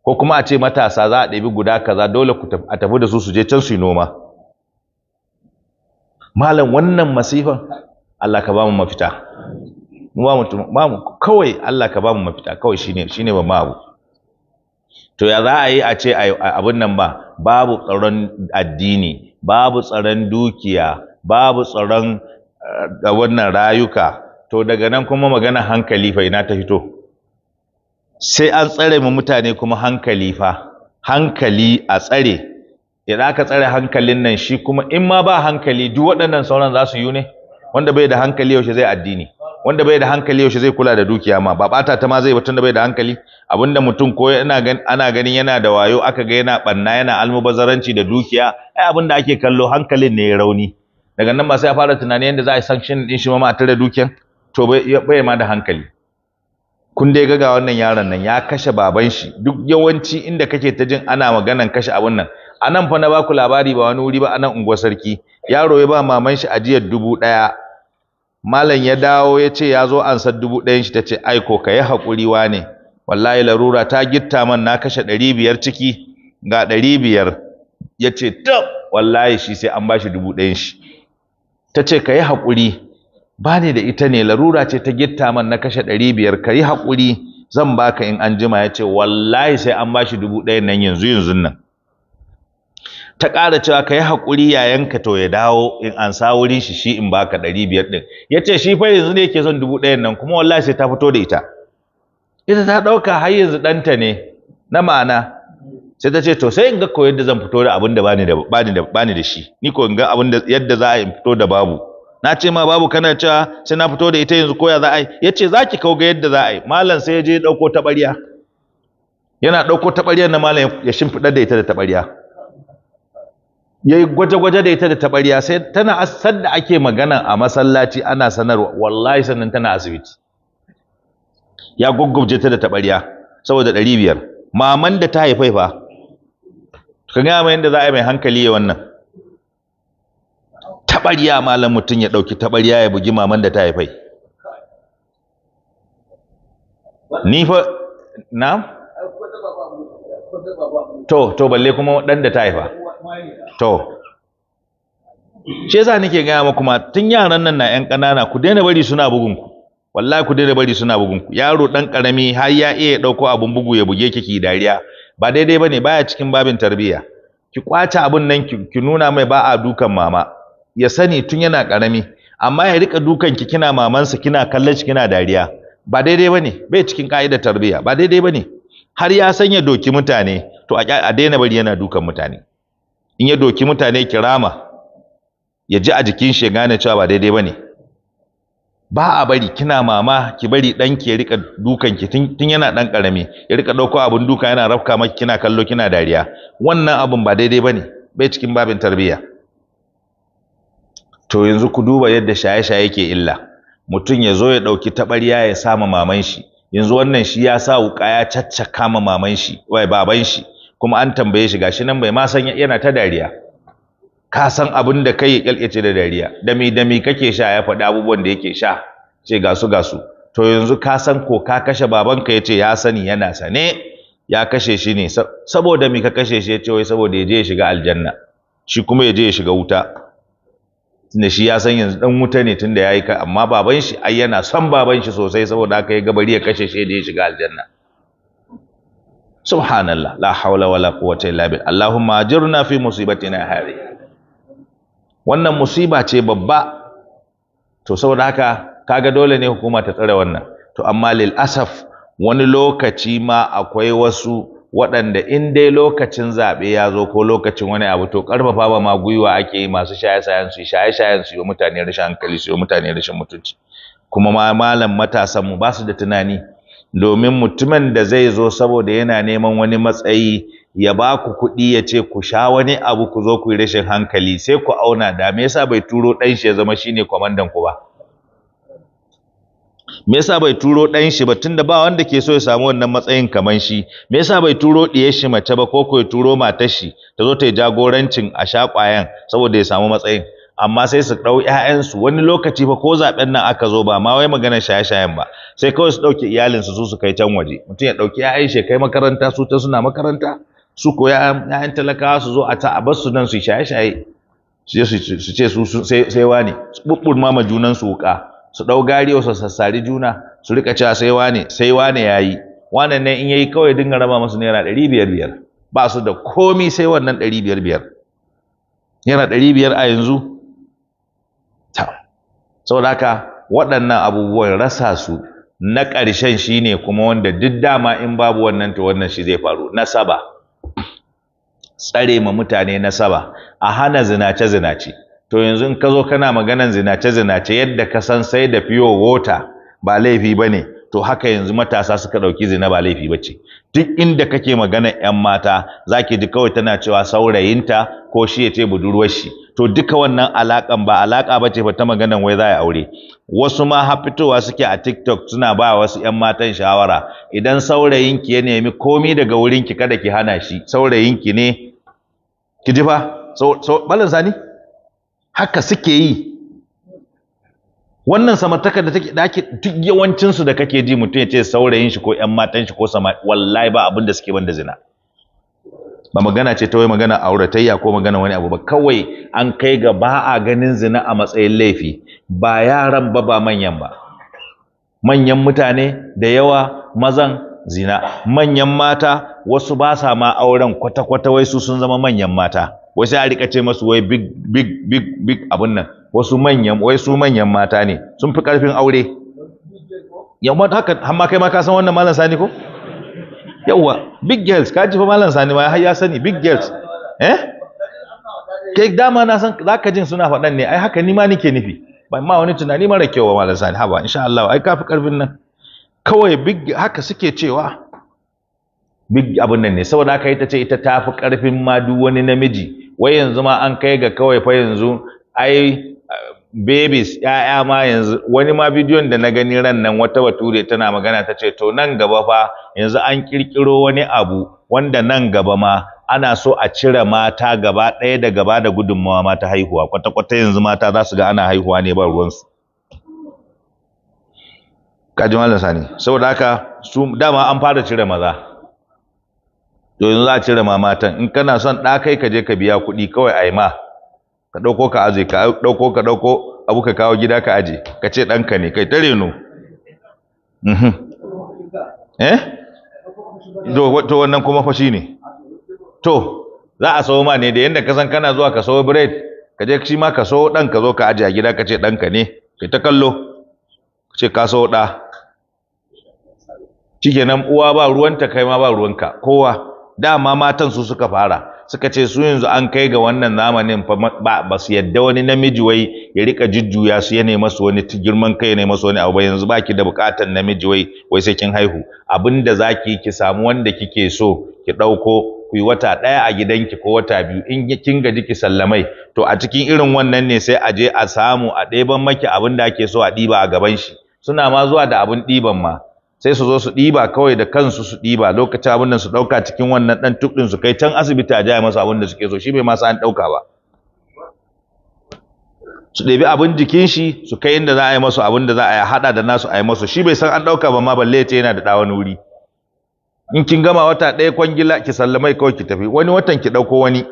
A: ko kuma a ce matasa za a ɗabi guda kaza dole a tafi da su su je can su yi noma malam wannan masifan Allah ka ba mafita mu ba mu kawai Allah ka bamu mafita kawai shine shine ba mu abu to ya za a yi a ce abin nan ba babu tsaron addini babu tsaron dukiya babu tsaron da eh, wannan rayuka to daga nan kuma magana hankali fa ina ta fito sai an tsare mu mutane kuma hankali fa hankali a tsare idan aka tsare hankalin nan shi kuma in ma ba hankali duk waɗannan sauran za su yi ne wanda bai da hankali yaushe zai addini wanda bai da hankali yaushe zai kula da dukiya ma ba bata ta ma zai tunda bai da hankali abinda mutum ko ana ganin ana ganin yana da wayo aka ga yana banna yana almubazaranci da dukiya ai abinda ake kallo hankalin ne rauni daga nan ba sai ya fara tunani yadda za a yi sanction din shi ma ma tare dukiyan to bai ma da hankali kun dai ga wannan yaron nan ya kashe baban shi duk yawanci inda kake ta jin ana maganan kashe abun nan a fa na baku labari ba wani wuri ba anan unguwar sarki yaro ya ba maman shi ajiyar dubu daya malam ya dawo ya ce ya zo an san dubu ɗayan shi ta ce aiko ka yi haƙuri wane wallahi larura ta gitta man na kashe ɗari biyar ciki ga ɗari biyar ya ce tab wallahi shi sai an ba shi dubu ɗayan shi ta ce ka yi haƙuri ba da ita ne larura ce ta gitta man na kashe ɗari biyar ka yi haƙuri zan baka in an jima ya ce wallahi sai an ba shi dubu ɗayan nan yanzu yanzu nan ta ƙara cewa ka yi haƙuri ka to ya dawo in an sa wurin shi shi in baka ɗari biyar ɗin ya ce shi fa yanzu ne yake son dubu ɗayan nan kuma wallahi sai ta fito da ita ita ta ɗauka har yanzu ɗanta ne na ma'ana sai ta ce to sai in ga ko yadda zan fito da abin da bani da bani da bani da shi ni ko in ga abin da yadda za a in fito da babu na ce ma babu kana cewa sai na fito da ita yanzu koya za a yi ya ce za ki ga yadda za a yi malam sai ya je ya ɗauko taɓarya yana ɗauko taɓaryar na malam ya shimfiɗar da ita da taɓarya ya yi gwaje-gwaje da ita da tabariya sai tana asar da ake magana a masallaci ana sanarwa wallahi sannan tana asibiti ya gwaggwaje ta da tabariya saboda ɗari biyar maman da ta haifai fa ka gaya mai yadda za a yi mai hankali ya wannan tabariya malam mutum ya ɗauki tabariya ya bugi maman da ta haifai ni fa na to to balle kuma ɗan da ta haifa to shi yasa nake gaya muku ma tun yaran nan na yan ƙanana ku daina bari suna bugun ku wallahi ku daina bari suna bugun ku yaro dan karami har ya iya dauko abun bugu ya buge ki dariya ba daidai bane baya cikin babin tarbiyya ki ƙwace abun nan ki nuna mai ba a dukan mama ya sani tun yana karami amma ya rika dukan ki kina mamansa kina kallon shi kina dariya ba daidai bane bai cikin ka'idar tarbiyya ba daidai bane har ya sanya doki mutane to a daina bari yana dukan mutane in ya doki mutane kirama ya ji a jikin shi gane cewa ba daidai bane ba a bari kina mama ki bari dan ki rika dukan ki tun yana dan karami ya rika ɗauko abin duka yana rafka maki kina kallo kina dariya wannan abun ba daidai bane bai cikin babin tarbiyya to yanzu ku duba yadda shaye-shaye ke illa mutum ya zo ya ɗauki taɓarya ya sama maman shi yanzu wannan shi ya sa wuka ya caccaka ma maman wai baban shi kuma an tambaye shi gashi nan bai ma san yana ta dariya ka san abin da kai ya ce da dariya dami dami kake sha ya faɗi abubuwan da yake sha ce gasu gasu to yanzu ka san ko ka kashe babanka ya ce ya sani yana sane ya kashe shi ne saboda mi ka kashe shi ya ce wai saboda ya je ya shiga aljanna shi kuma ya je ya shiga wuta tunda shi ya san yanzu dan wuta ne tunda yayi yi ka amma baban shi ai yana son baban shi sosai saboda haka ya gabari ya kashe shi ya je ya shiga aljanna subhanallah la haula wala quwwata illa billah allahumma ajirna fi musibatina hadhi wannan musiba ce babba to saboda haka kaga dole ne hukuma ta tsare wannan to amma lil asaf wani lokaci ma akwai wasu waɗanda in dai lokacin zaɓe ya zo ko lokacin wani abu to ƙarfafa ba ma gwiwa ake yi masu shaye-shayen su shaye-shayen su yi mutane rashin hankali su yi mutane rashin mutunci kuma ma malam matasan mu ba su da tunani domin mutumin da zai zo saboda yana neman wani matsayi ya ba ku kuɗi ya ce ku sha wani abu ku zo ku yi rashin hankali sai ku auna da me yasa bai turo ɗan shi ya zama shine kwamandan ku ba me yasa bai turo ɗan shi ba tunda ba wanda ke so ya samu wannan matsayin kamar shi me yasa bai turo ɗiyar shi mace ba ko ku ya turo matar shi ta zo ta yi jagorancin a sha ƙwayan saboda ya samu matsayin amma sai su ɗau ‘ya'yansu wani lokaci fa ko zaɓen nan aka zo ba ma wai magana shaye-shayen ba sai kawai su ɗauki iyalinsu su su kai can waje mutum ya ɗauki ‘ya'yan shi kai makaranta su ta suna makaranta su ko ‘ya'yan talakawa su zo a ta a bar su nan su shaye-shaye su ce su sai wani bubbur ma junan su wuka su ɗau gariyo su sassari juna su rika cewa sai wani sai wani ya yi wannan ne in yayi kawai dinga raba masu naira ɗari biyar biyar ba su da komi sai wannan ɗari biyar biyar yana ɗari biyar a yanzu saboda haka waɗannan abubuwan rasa su na ƙarshen shi ne kuma wanda duk dama in babu wannan to wannan shi zai faru nasaba tsare ma mutane nasaba a hana zinace zinace to yanzu ka zo kana maganan zinace zinace yadda ka san sai da fiyo wota ba laifi ba ne. to haka yanzu matasa suka ɗauki zina ba laifi bace duk inda kake magana yan mata zaki ji kawai tana cewa saurayinta ko shi yace budurwar shi to duka wannan alakan ba alaka bace fa ta maganan wai za a aure wasu ma ha fitowa suke a TikTok suna ba wasu yan matan shawara idan saurayinki ya nemi komi daga wurinki kada ki hana shi saurayinki ne ki ji fa so, so balin sani haka suke yi wannan samartakar da take dake duk yawancin su da kake ji mutum ya ce saurayin shi ko ƴan matan shi ko sama wallahi ba abin da suke banda zina ba magana ce ta wai magana auratayya ko magana wani abu ba kawai an kai ga ba a ganin zina a matsayin laifi ba yaran ba ba manyan ba manyan mutane da yawa mazan zina manyan mata wasu ba sa ma auren kwata-kwata wai su sun zama manyan mata wasu a rika ce masu wai big big big big abun nan wasu manyan wai su manyan mata ne sun fi karfin aure yamma haka amma kai ma ka san wannan malam sani ko yawa big girls ka ji fa malam sani ma har ya sani big girls eh kai dama na san zaka jin suna faɗan ne ai haka ni ma nake nufi ba ma wani tunani mara kyau ba malam sani haba insha Allah ai fi karfin nan kawai big haka suke cewa big abun nan ne saboda haka ita ce ita tafi karfin ma duk wani namiji wai yanzu ma an kai ga kawai fa yanzu ai babies ya'ya ma yanzu wani ma bidiyon da na gani ran nan wata bature tana magana ta ce to nan gaba fa yanzu an kirkiro wani abu wanda nan gaba ma ana so a cire mata gaba ɗaya da gaba da gudunmawa mata haihuwa kwata-kwata yanzu mata za su ga ana haihuwa ne ba ruwansu kaji malam sani saboda haka su dama an fara cire maza to yanzu za a cire mamatan? in kana son ɗa kai ka je ka biya kuɗi kawai a yi ma ka ɗauko ka aje ka ɗauko ka ɗauko abu ka kawo gida ka aje ka ce ɗanka ne kai ta reno mhm. eh to wannan kuma fashi ne to za a sawo ma ne da yadda ka san kana zuwa ka sawo bread ka je shi ma ka sawo ɗan ka zo ka aje a gida ka ce ɗanka ne kai ta kallo ka ce ka sawo ɗa shikenan uwa ba ruwanta kai ma ba ruwanka kowa dama matan su suka fara suka ce su yanzu an kai ga wannan zamanin ba ba su yadda wani namiji wai ya rika jujjuya su yana masu wani girman kai yana masu wani abu yanzu baki da bukatan namiji wai wai sai kin haihu abinda zaki ki samu wanda kike so ki dauko ku yi wata daya a gidanki ko wata biyu in kin gaji ki sallamai to a cikin irin wannan ne sai a je a samu a ɗeban maki abin da ake so a ɗiba a gaban shi suna ma zuwa da abun ɗiban ma sai su zo su ɗiba kawai da kansu su ɗiba lokacin abin da su ɗauka cikin wannan ɗan tukɗin su kai can asibiti a jaya masa abin da suke so shi bai masa an ɗauka ba su ɗebi abin jikin shi su kai inda za a yi masu abin da za a haɗa da nasu a yi masu shi bai san an ɗauka ba ma balle ce yana da ɗawan wuri in kin gama wata ɗaya kwangila ki sallamai kawai ki tafi wani watan ki ɗauko wani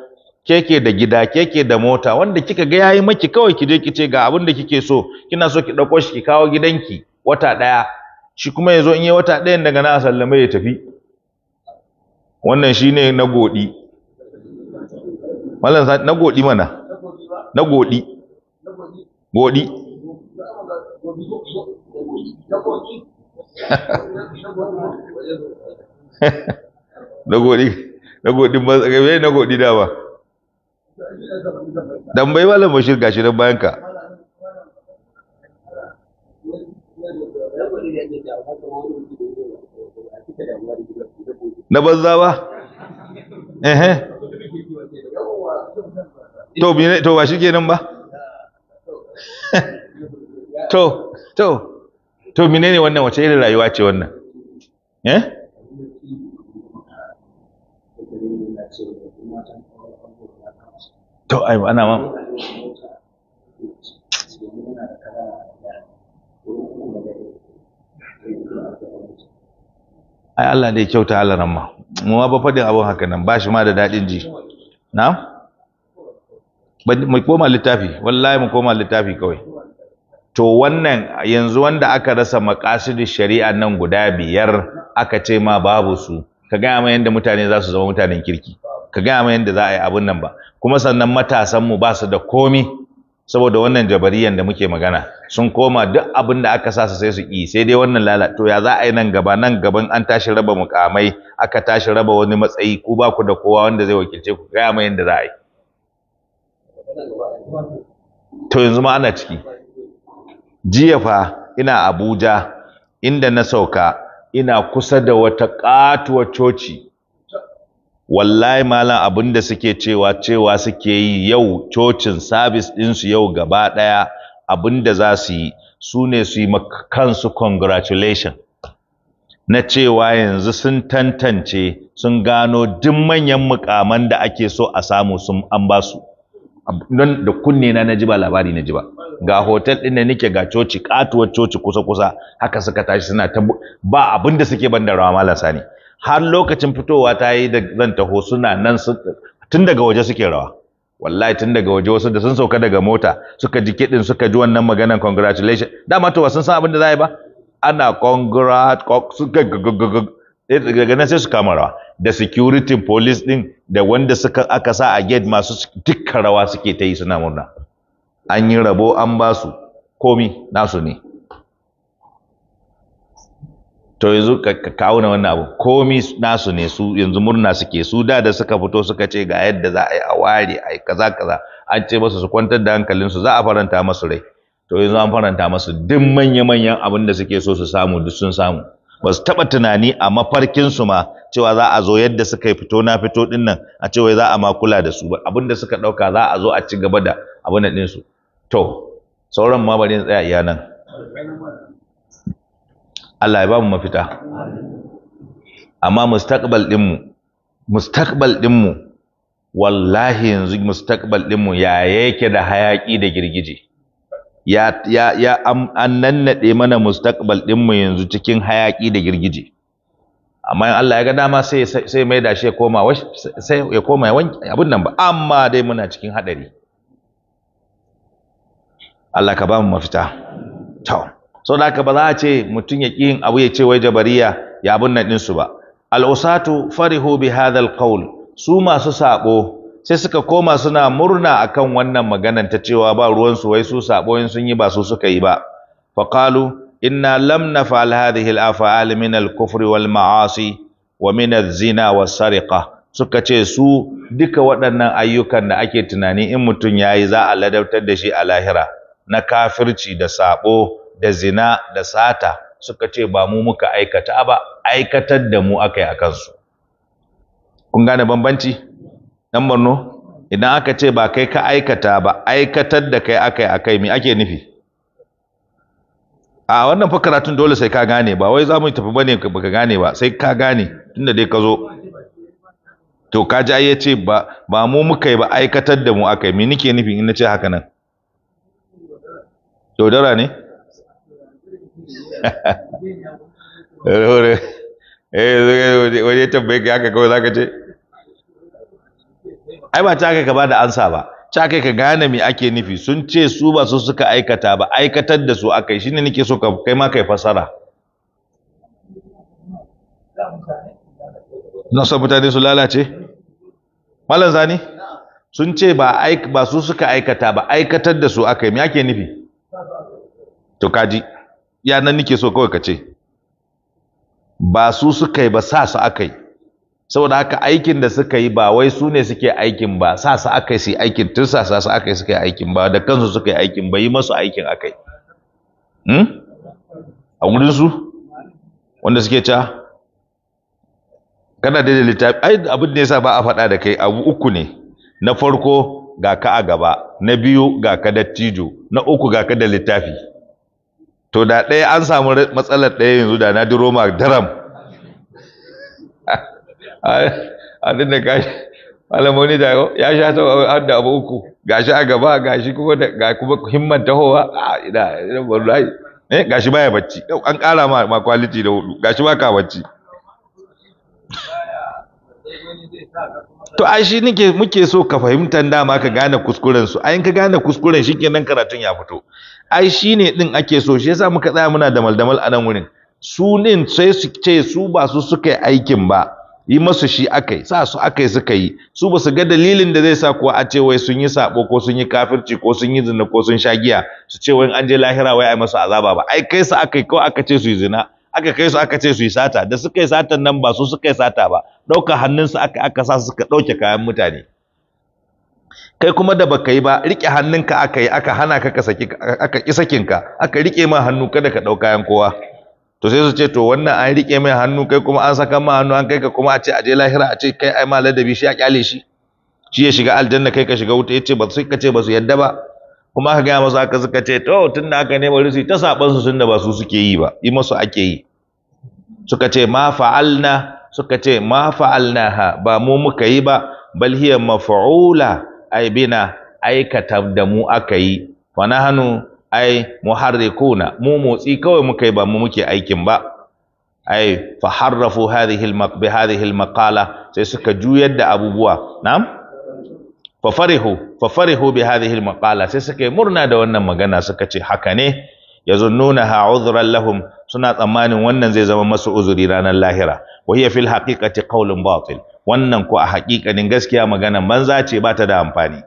A: keke da gida keke da mota wanda kika ga yayi maki kawai ki je ki ce ga abin da kike so kina so ki ɗauko shi ki kawo gidanki wata ɗaya shi kuma ya zo in yi wata ɗayan daga na a sallame ya tafi wannan shi ne na goɗi na goɗi mana na goɗi goɗi na goɗi na goɗi ba na goɗi dama
B: dan bai malam bashir gashi nan bayan ka na banza ba ehe
A: to mene to ba kenan ba to to to ne wannan wace irin rayuwa ce wannan
B: eh to ai ana ma
A: ai Allah ne ya kyauta halaran ma mu ma ba fadin abun haka nan ba shi ma da dadin ji na mu koma littafi wallahi mu koma littafi kawai to wannan yanzu wanda aka rasa makasidin shari'a nan guda biyar aka ce ma babu su ka gaya mai yanda mutane za su zama mutanen kirki ka gaya mai yanda za a yi abun nan ba kuma sannan matasan mu ba su da komi saboda wannan jabariyan da muke magana sun koma duk abin da aka sa sai su yi sai dai wannan lala to ya za a yi nan gaba nan gaban an tashi raba mukamai aka tashi raba wani matsayi ku ba ku da kowa wanda zai wakilce ku gaya mai yadda za a yi to yanzu ma ana ciki jiya fa ina Abuja inda na sauka ina kusa da wata katuwar coci wallahi malam abin da suke cewa cewa suke yi yau cocin sabis ɗinsu yau gaba ɗaya da za su yi su ne su yi kansu congratulation na cewa yanzu sun tantance sun gano duk manyan mukaman da ake so a samu sun an ba su don da kunne na na ba labari na ba ga hotel ɗin da nike ga coci katuwar coci kusa kusa haka suka tashi suna ta ba da suke ban da rawa malam sani har lokacin fitowa ta yi da zan taho suna nan tun daga waje suke rawa wallahi tun daga waje wasu da sun sauka daga mota suka ji kiɗin suka ji wannan maganan congratulation dama to sun san abin da za yi ba ana congrat suka daga nan sai su kama rawa da security police din da wanda suka aka sa a gate masu dukkan rawa suke ta yi suna murna an yi rabo an ba su komi nasu ne to yanzu ka kawo na wannan abu komi nasu ne su yanzu murna suke su da da suka fito suka ce ga yadda za a yi a ware a yi kaza kaza an ce masu su kwantar da hankalin su za a faranta masu rai to yanzu an faranta masu duk manya-manyan abin da suke so su samu duk sun samu ba su taɓa tunani a mafarkinsu ma cewa za a zo yadda suka yi fito na fito ɗin nan a cewa za a ma kula da su ba abin da suka ɗauka za a zo a ci gaba da abin su to sauran ma bari tsaya iya nan Allah ya ba mu mafita amma mustaqbal mu mustaqbal mu wallahi yanzu mustaqbal mu ya yake da hayaki da girgije ya ya ya an nannade mana mustaqbal mu yanzu cikin hayaki da girgije amma in Allah ya ga dama sai sai mai da shi ya koma sai ya koma ya wanke abin nan ba amma dai muna cikin hadari Allah ka ba mu mafita to so da ba za a ce mutum ya ƙi yin abu ya ce wai jabariya ya abun nan ɗinsu ba al'usatu farihu bi hadhal su masu saɓo sai suka koma suna murna akan wannan maganan ta cewa ba ruwansu wai su in sun yi ba su suka yi ba Fakalu, inna lam naf'al hadhihi al-af'al min al-kufri wal ma'asi wa min zina wa sariqa suka ce su duka waɗannan ayyukan da ake tunani in mutum yayi za a ladabtar da shi a lahira na kafirci da saɓo. da zina da sata suka ce ba mu muka aikata ba aikatar da mu aka yi a kansu kun gane bambanci dan barno idan aka ce ba kai ka aikata ba aikatar da kai aka yi a kai me ake nufi a wannan fa karatun dole sai ka gane ba wai za mu tafi bane baka gane ba sai ka gane tunda dai ka zo to ka ji ai yace ba ba mu muka yi ba aikatar da mu aka yi me nake nufi in nace haka nan Dodara ne Eh, waje ai ba ta kai ka ba da ansa ba ta kai ka gane me ake nufi sun ce su ba su suka aikata ba aikatar da su akai shine nake so ka kai ma kai fasara na so mutane su lalace malam zani sun ce ba ba su suka aikata ba aikatar da su akai me ake nufi to kaji ya nan nike so kawai ka ce ba su suka yi ba sa su aka yi saboda haka aikin da suka yi ba wai su ne suke aikin ba sa su aka yi su aikin tun sa su aka yi suka yi aikin ba da kansu suka yi aikin ba yi masu aikin aka yi hmm? a wurin su wanda suke ca kana da littafi ai abin da yasa ba a faɗa da kai abu uku ne na farko ga ka a gaba na biyu ga ka dattijo na uku ga ka da littafi to da ɗaya an samu matsalar ɗaya yanzu da na diro roma daram a dinda gashi alamoni da ya sha ta har da abu uku gashi a gaba gashi kuma da ga kuma himman tahowa a ina ina wallahi eh gashi baya bacci an ƙara ma ma quality da hudu gashi ka bacci to ai shi nake muke so ka fahimtan dama ka gane kuskuren su ayin ka gane kuskuren shikenan karatun ya fito ai ne din ake so shi yasa muka tsaya muna damaldamal a nan wurin su din sai su ce su ba su suka yi aikin ba yi masu shi akai sa su akai suka yi su ba su ga dalilin da zai sa kuwa a ce wai sun yi sabo ko sun yi kafirci ko sun yi zina ko sun sha giya su ce wai an je lahira wai ai masu azaba ba ai kai su akai ko aka ce su yi zina aka kai su aka ce su yi sata da suka yi satan nan ba su suka yi sata ba Ɗauka hannunsu aka aka sa suka ɗauke kayan mutane kai kuma da baka yi ba rike hannunka aka yi aka hana ka saki aka ki sakinka aka rike ma hannu kada ka dauka yan kowa to sai su ce to wannan an rike mai hannu kai kuma an saka ma hannu an kai ka kuma a ce a je lahira a ce kai ai ma ladabi shi a kyale shi shi ya shiga aljanna kai ka shiga wuta yace ba su kace ba su yadda ba kuma aka gaya masu aka suka ce to tunda aka ne bari ta saban su da ba su suke yi ba yi masu ake yi suka ce ma fa'alna suka ce ma ba mu muka yi ba bal hiya maf'ula ai bina aikata da mu aka yi fa hannu ai muharrikuna mu motsi kawai muka yi ba mu muke aikin ba ai fa harrafu hadhihi bi hadhihi al sai suka juyar da abubuwa na'am fa farihu fa farihu bi hadhihi al sai suka yi murna da wannan magana suka ce haka ne yazunnuna ha udhran lahum suna tsammanin wannan zai zama masu uzuri ranar lahira wa hiya fil haqiqati qawlun batil wannan ko a haƙiƙanin gaskiya magana banza ce ba ta da amfani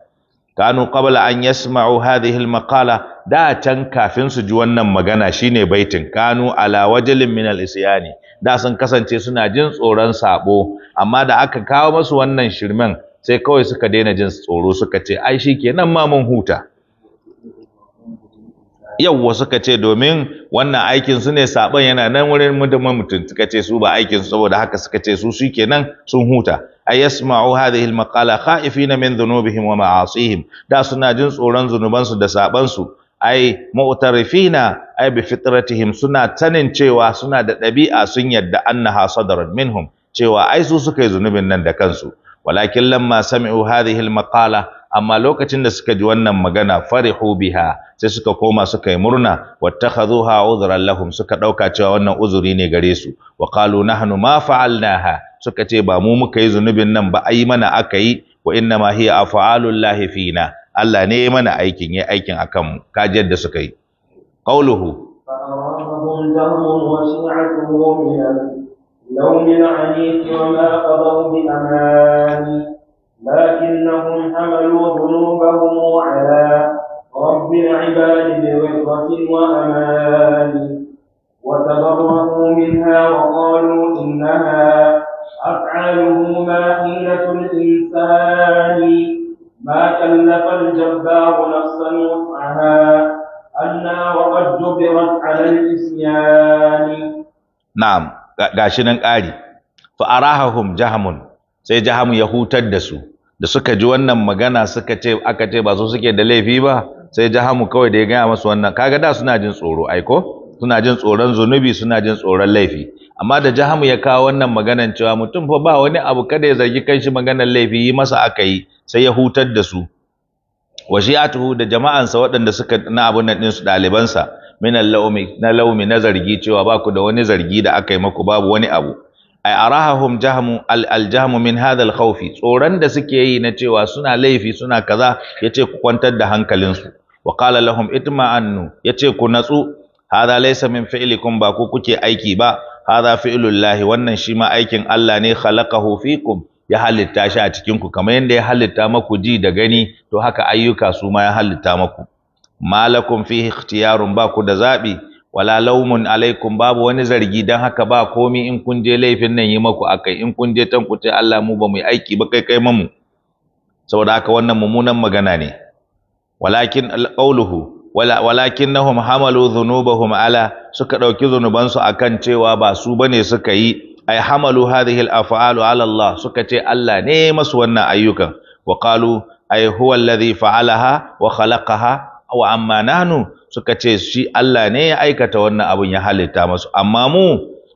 A: kanu qabla an yasma'u hadhihi al maqala da can kafin su ji wannan magana shine baitin kanu ala wajlin min al isyani da sun kasance suna jin tsoron sabo amma da aka kawo masu wannan shirmen sai kawai suka daina jin tsoro suka ce ai shikenan ma mun huta yawwa suka ce domin wannan aikin su ne saban yana nan wurin mutumin mutum suka ce su ba aikin su saboda haka suka ce su nan, sun huta ay yasma'u hadhihi al-maqala khaifina min dhunubihim wa ma'asihim da suna jin tsoron zunuban su da saban su ai mu'tarifina ai bi fitratihim suna tanin cewa suna da ɗabi'a sun yadda annaha sadarat minhum cewa ai su suka yi zunubin nan da kansu walakin lamma sami'u hadhihi al-maqala amma lokacin da suka ji wannan magana farihu biha sai suka koma suka yi murna wattakhadhuha udhran lahum suka dauka cewa wannan uzuri ne gare su wa qalu nahnu ma fa'alnaha suka ce ba mu muka yi zunubin nan ba ai mana aka yi wa inna ma hiya af'alul lahi fina Allah ne ya mana aikin ya aikin akan mu kaji yadda suka yi qauluhu
C: لكنهم حملوا ذنوبهم على رب العباد بغفرة وأمان وتبرؤوا منها وقالوا إنها افعاله ما حيلة الإنسان ما كلف الجبار نفسا وسعها أنا وقد جبرت على الإسيان
A: نعم قاشنا nan فاراهم جهم سيجهم jahamun sai da suka ji wannan magana suka ce aka ce ba su suke da laifi ba sai jahamu kawai da ya gaya masu wannan kaga da suna jin tsoro aiko suna jin tsoron zunubi suna jin tsoron laifi amma da jahamu ya kawo wannan maganan cewa mutum fa ba wani abu kada ya zargi kanshi maganar laifi yi masa aka yi sai ya hutar da su wa shi'atuhu da jama'ansa waɗanda suka na abun nan ɗinsu ɗalibansa min laumi na laumi na zargi cewa ba ku da wani zargi da aka yi maku babu wani abu arahahum jahmu aljahmu min hadha alkhawfi tsoron da suke yi na cewa suna laifi suna kaza yace ku kwantar da hankalinsu wa qala lahum itma'annu yace ku natsu hadha laysa min fi'likum ba ku kuke aiki ba hadha fi'lullahi wannan shi ma aikin Allah ne khalaqahu fikum ya halitta shi a cikin ku kamar yanda ya halitta maku ji da gani to haka ayyuka su ma ya halitta maku malakum fihi ikhtiyarun ba ku da zabi wala laumun alaikum babu wani zargi dan haka ba komi in kun je laifin nan yi maku akai in kun je tan ce Allah mu ba mu aiki ba kai kai mamu saboda haka wannan mummunan magana ne walakin alqauluhu wala walakinnahum hamalu dhunubahum ala suka dauki zunubansu akan cewa ba su bane suka yi ay hamalu hadhihi al-af'alu ala Allah suka ce Allah ne masu wannan ayyukan wa qalu ay huwa alladhi fa'alaha wa khalaqaha wa amma nanu suka ce shi Allah ne ya aikata wannan abun ya halitta masu amma mu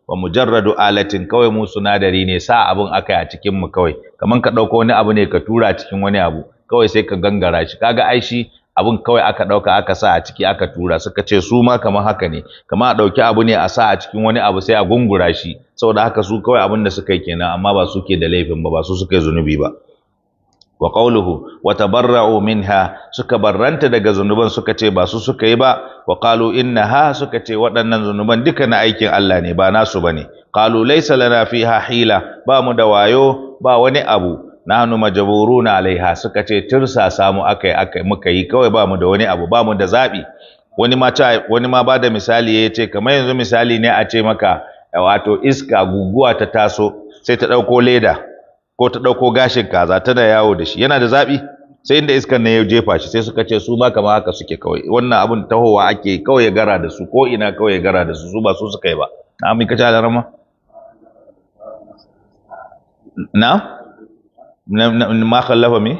A: wa mujarradu alatin kawai mu sunadari ne sa abun aka a cikin mu kawai kaman ka dauko wani abu ne ka tura cikin wani abu kawai sai ka gangara shi kaga ai shi abun kawai aka dauka aka sa a ciki aka tura suka ce su ma kaman haka ne kaman a dauki abu ne a sa a cikin wani abu sai a gungura shi saboda haka su kawai abun da suka yi kenan amma ba su ke da laifin ba ba su suka yi zunubi ba wa qawluhu wa tabarra'u minha suka barranta daga zunuban suka ce ba su suka yi ba wa qalu innaha suka ce waɗannan zunuban duka na aikin Allah ne ba nasu bane qalu laysa lana fiha hila ba mu da wayo ba wani abu nahnu majburuna alaiha suka ce tirsa samu akai akai muka yi kawai ba mu da wani abu ba mu da zabi wani ma ta wani ma bada misali ya ce kamar yanzu misali ne a ce maka wato iska guguwa ta taso sai ta ɗauko leda ko ta ɗauko gashin kaza tana yawo da shi yana da zaɓi sai inda iskan ne ya jefa shi sai suka ce su ma kama haka suke kawai wannan abin tahowa ake kawai ya gara da su ko ina kawai ya gara da su su ba su suka yi ba na amin kace da rama na ma khallafa me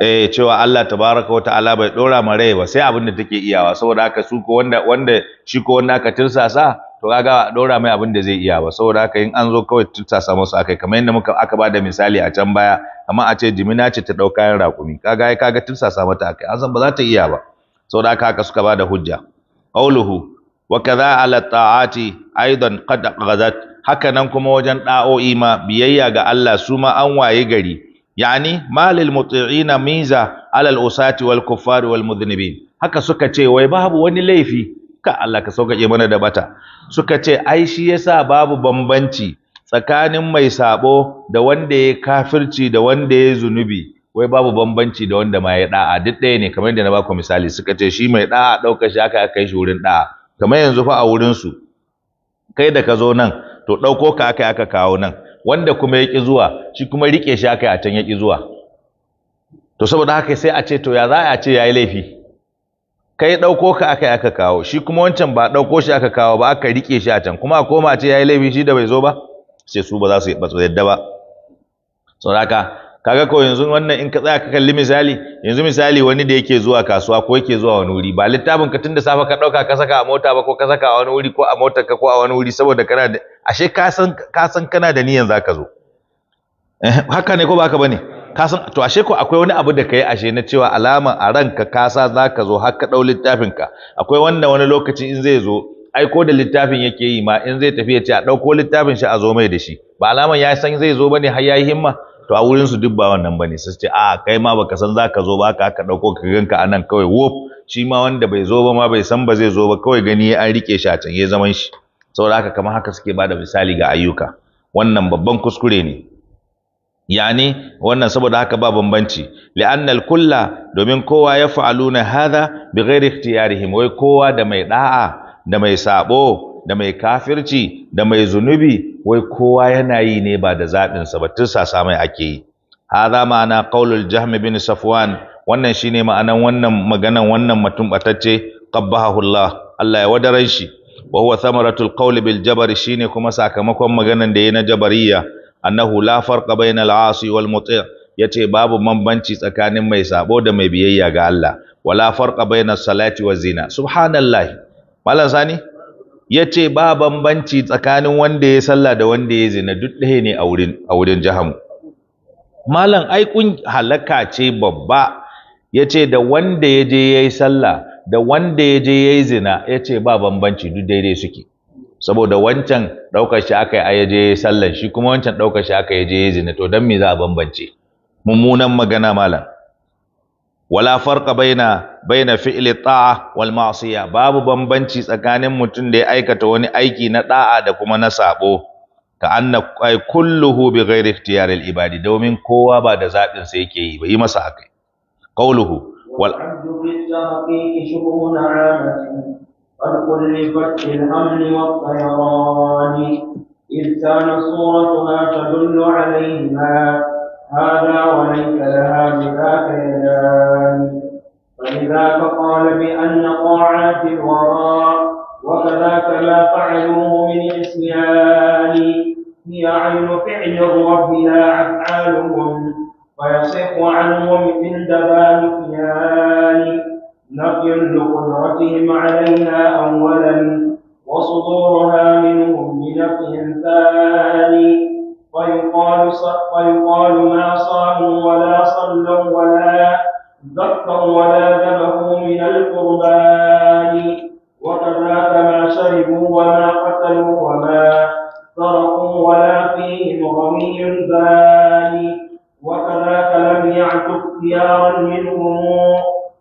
A: eh cewa Allah tabaraka wa ta'ala bai dora ma rai ba sai abin da take iyawa saboda haka su ko wanda wanda shi ko wanda aka tirsasa to kaga dora mai abin da zai iya ba saboda haka in an zo kawai tuttasa musu akai kamar yadda muka aka bada misali a can baya amma a ce jimina ce ta dau rakumi raƙumi kaga ai kaga tuttasa mata akai an san ba za ta iya ba saboda haka haka suka bada hujja qauluhu wa kadha ala ta'ati aidan qad ghadat haka nan kuma wajen da'o'i ma biyayya ga Allah su ma an waye gari yani malil muti'ina miza ala al-usati wal kuffari wal mudhnibin haka suka ce wai babu wani laifi ka Allah ka sauƙaƙe mana da bata suka ce ai shi yasa babu bambanci tsakanin mai sabo da wanda ya kafirci da wanda ya zunubi wai babu bambanci da wanda ma ya da'a duk ɗaya ne kamar yadda na ku misali suka ce shi mai da'a ɗauka shi aka kai shi wurin da'a kamar yanzu fa a wurin su kai da ka zo nan to ɗauko ka aka aka kawo nan wanda kuma ya ƙi zuwa shi kuma riƙe shi aka a can ya ƙi zuwa to saboda haka sai a ce to ya za a ce ya yi laifi kai ɗauko ka aka aka kawo shi kuma wancan ba ɗauko shi aka kawo ba aka riƙe shi a can kuma a koma ce yayi laifi shi da bai zo ba sai su ba za su yadda ba saboda haka kaga ko yanzu wannan in ka tsaya ka kalli misali yanzu misali wani da yake zuwa kasuwa ko yake zuwa wani wuri ba littafin ka tunda safa ka ɗauka ka saka a mota ba ko ka saka a wani wuri ko a motar ka ko a wani wuri saboda kana da ashe ka san ka san kana da niyan zaka zo eh, haka ne ko ba haka bane kasan to ashe ko akwai wani abu da kai ashe na cewa alaman a ranka kasa zaka zo har ka dau littafin ka akwai wanda wani lokaci in zai zo ai da littafin yake yi ma in zai tafi ya ce a ɗauko littafin shi a zo mai da shi ba alaman ya san zai zo bane har yi himma to a wurin su duk ba wannan bane sai ce a kai ma baka san zaka zo ba ka ka dauko ka ganka anan kawai wof shi ma wanda bai zo ba ma bai san ba zai zo ba kawai gani an rike shi a can ya zaman shi saboda haka kamar haka suke bada misali ga ayyuka wannan babban kuskure ne yani wannan saboda haka ba bambanci li'anna kulla domin kowa ya fa'aluna hadha bighairi ikhtiyarihim wai kowa da mai ɗa'a, da mai saɓo, da mai kafirci da mai zunubi wai kowa yana yi ne ba da zaɓin sa ba tursasa mai ake yi hadha ma'ana qaulul jahm bin safwan wannan shine ma'anan wannan maganan wannan mutum batacce qabbahahu Allah Allah ya wadaran shi wa huwa thamaratul qawli bil shine kuma sakamakon maganar da yayi na jabariya annahu la farqa bainal asi wal muti' yace babu bambanci tsakanin mai sabo da mai biyayya ga Allah wala farqa bainas salati waz zina subhanallahi malam sani yace ba bambanci tsakanin wanda ya sallah da wanda ya zina duk ɗaya ne a wurin a wurin jahannam malam ai kun halaka ce babba yace da wanda ya je yayi sallah da wanda ya je yayi zina yace ba bambanci duk daidai suke saboda wancan ɗaukar shi aka yi a yaje sallan shi kuma wancan ɗaukar shi aka yaje ya zina to don me za a bambance mummunan magana malam wala farqa baina baina fi'li ta'a wal ma'siya babu bambanci tsakanin mutum da ya aikata wani aiki na da'a da kuma na sabo ka anna ay kulluhu bi ghairi ikhtiyar al ibadi domin kowa ba da zabin sa yake yi ba yi masa akai qawluhu wal
C: كل لفتح الحمل والطيران إذ كان صورتها تدل عليهما هذا وليس لها بذاك يدان فلذاك قال بأن طاعات الوراء وكذاك ما فعلوه من العصيان هي عين فعل لا أفعالهم ويصح عنهم عند ذا نقي لقدرتهم عليها أولا وصدورها منهم بنقي ثاني فيقال فيقال ما صاموا ولا صلوا ولا ذكروا ولا ذبحوا من القربان وكذاك ما شربوا وما قتلوا وما سرقوا ولا فيهم غني ثاني وكذاك لم يعتق ثيارا منهم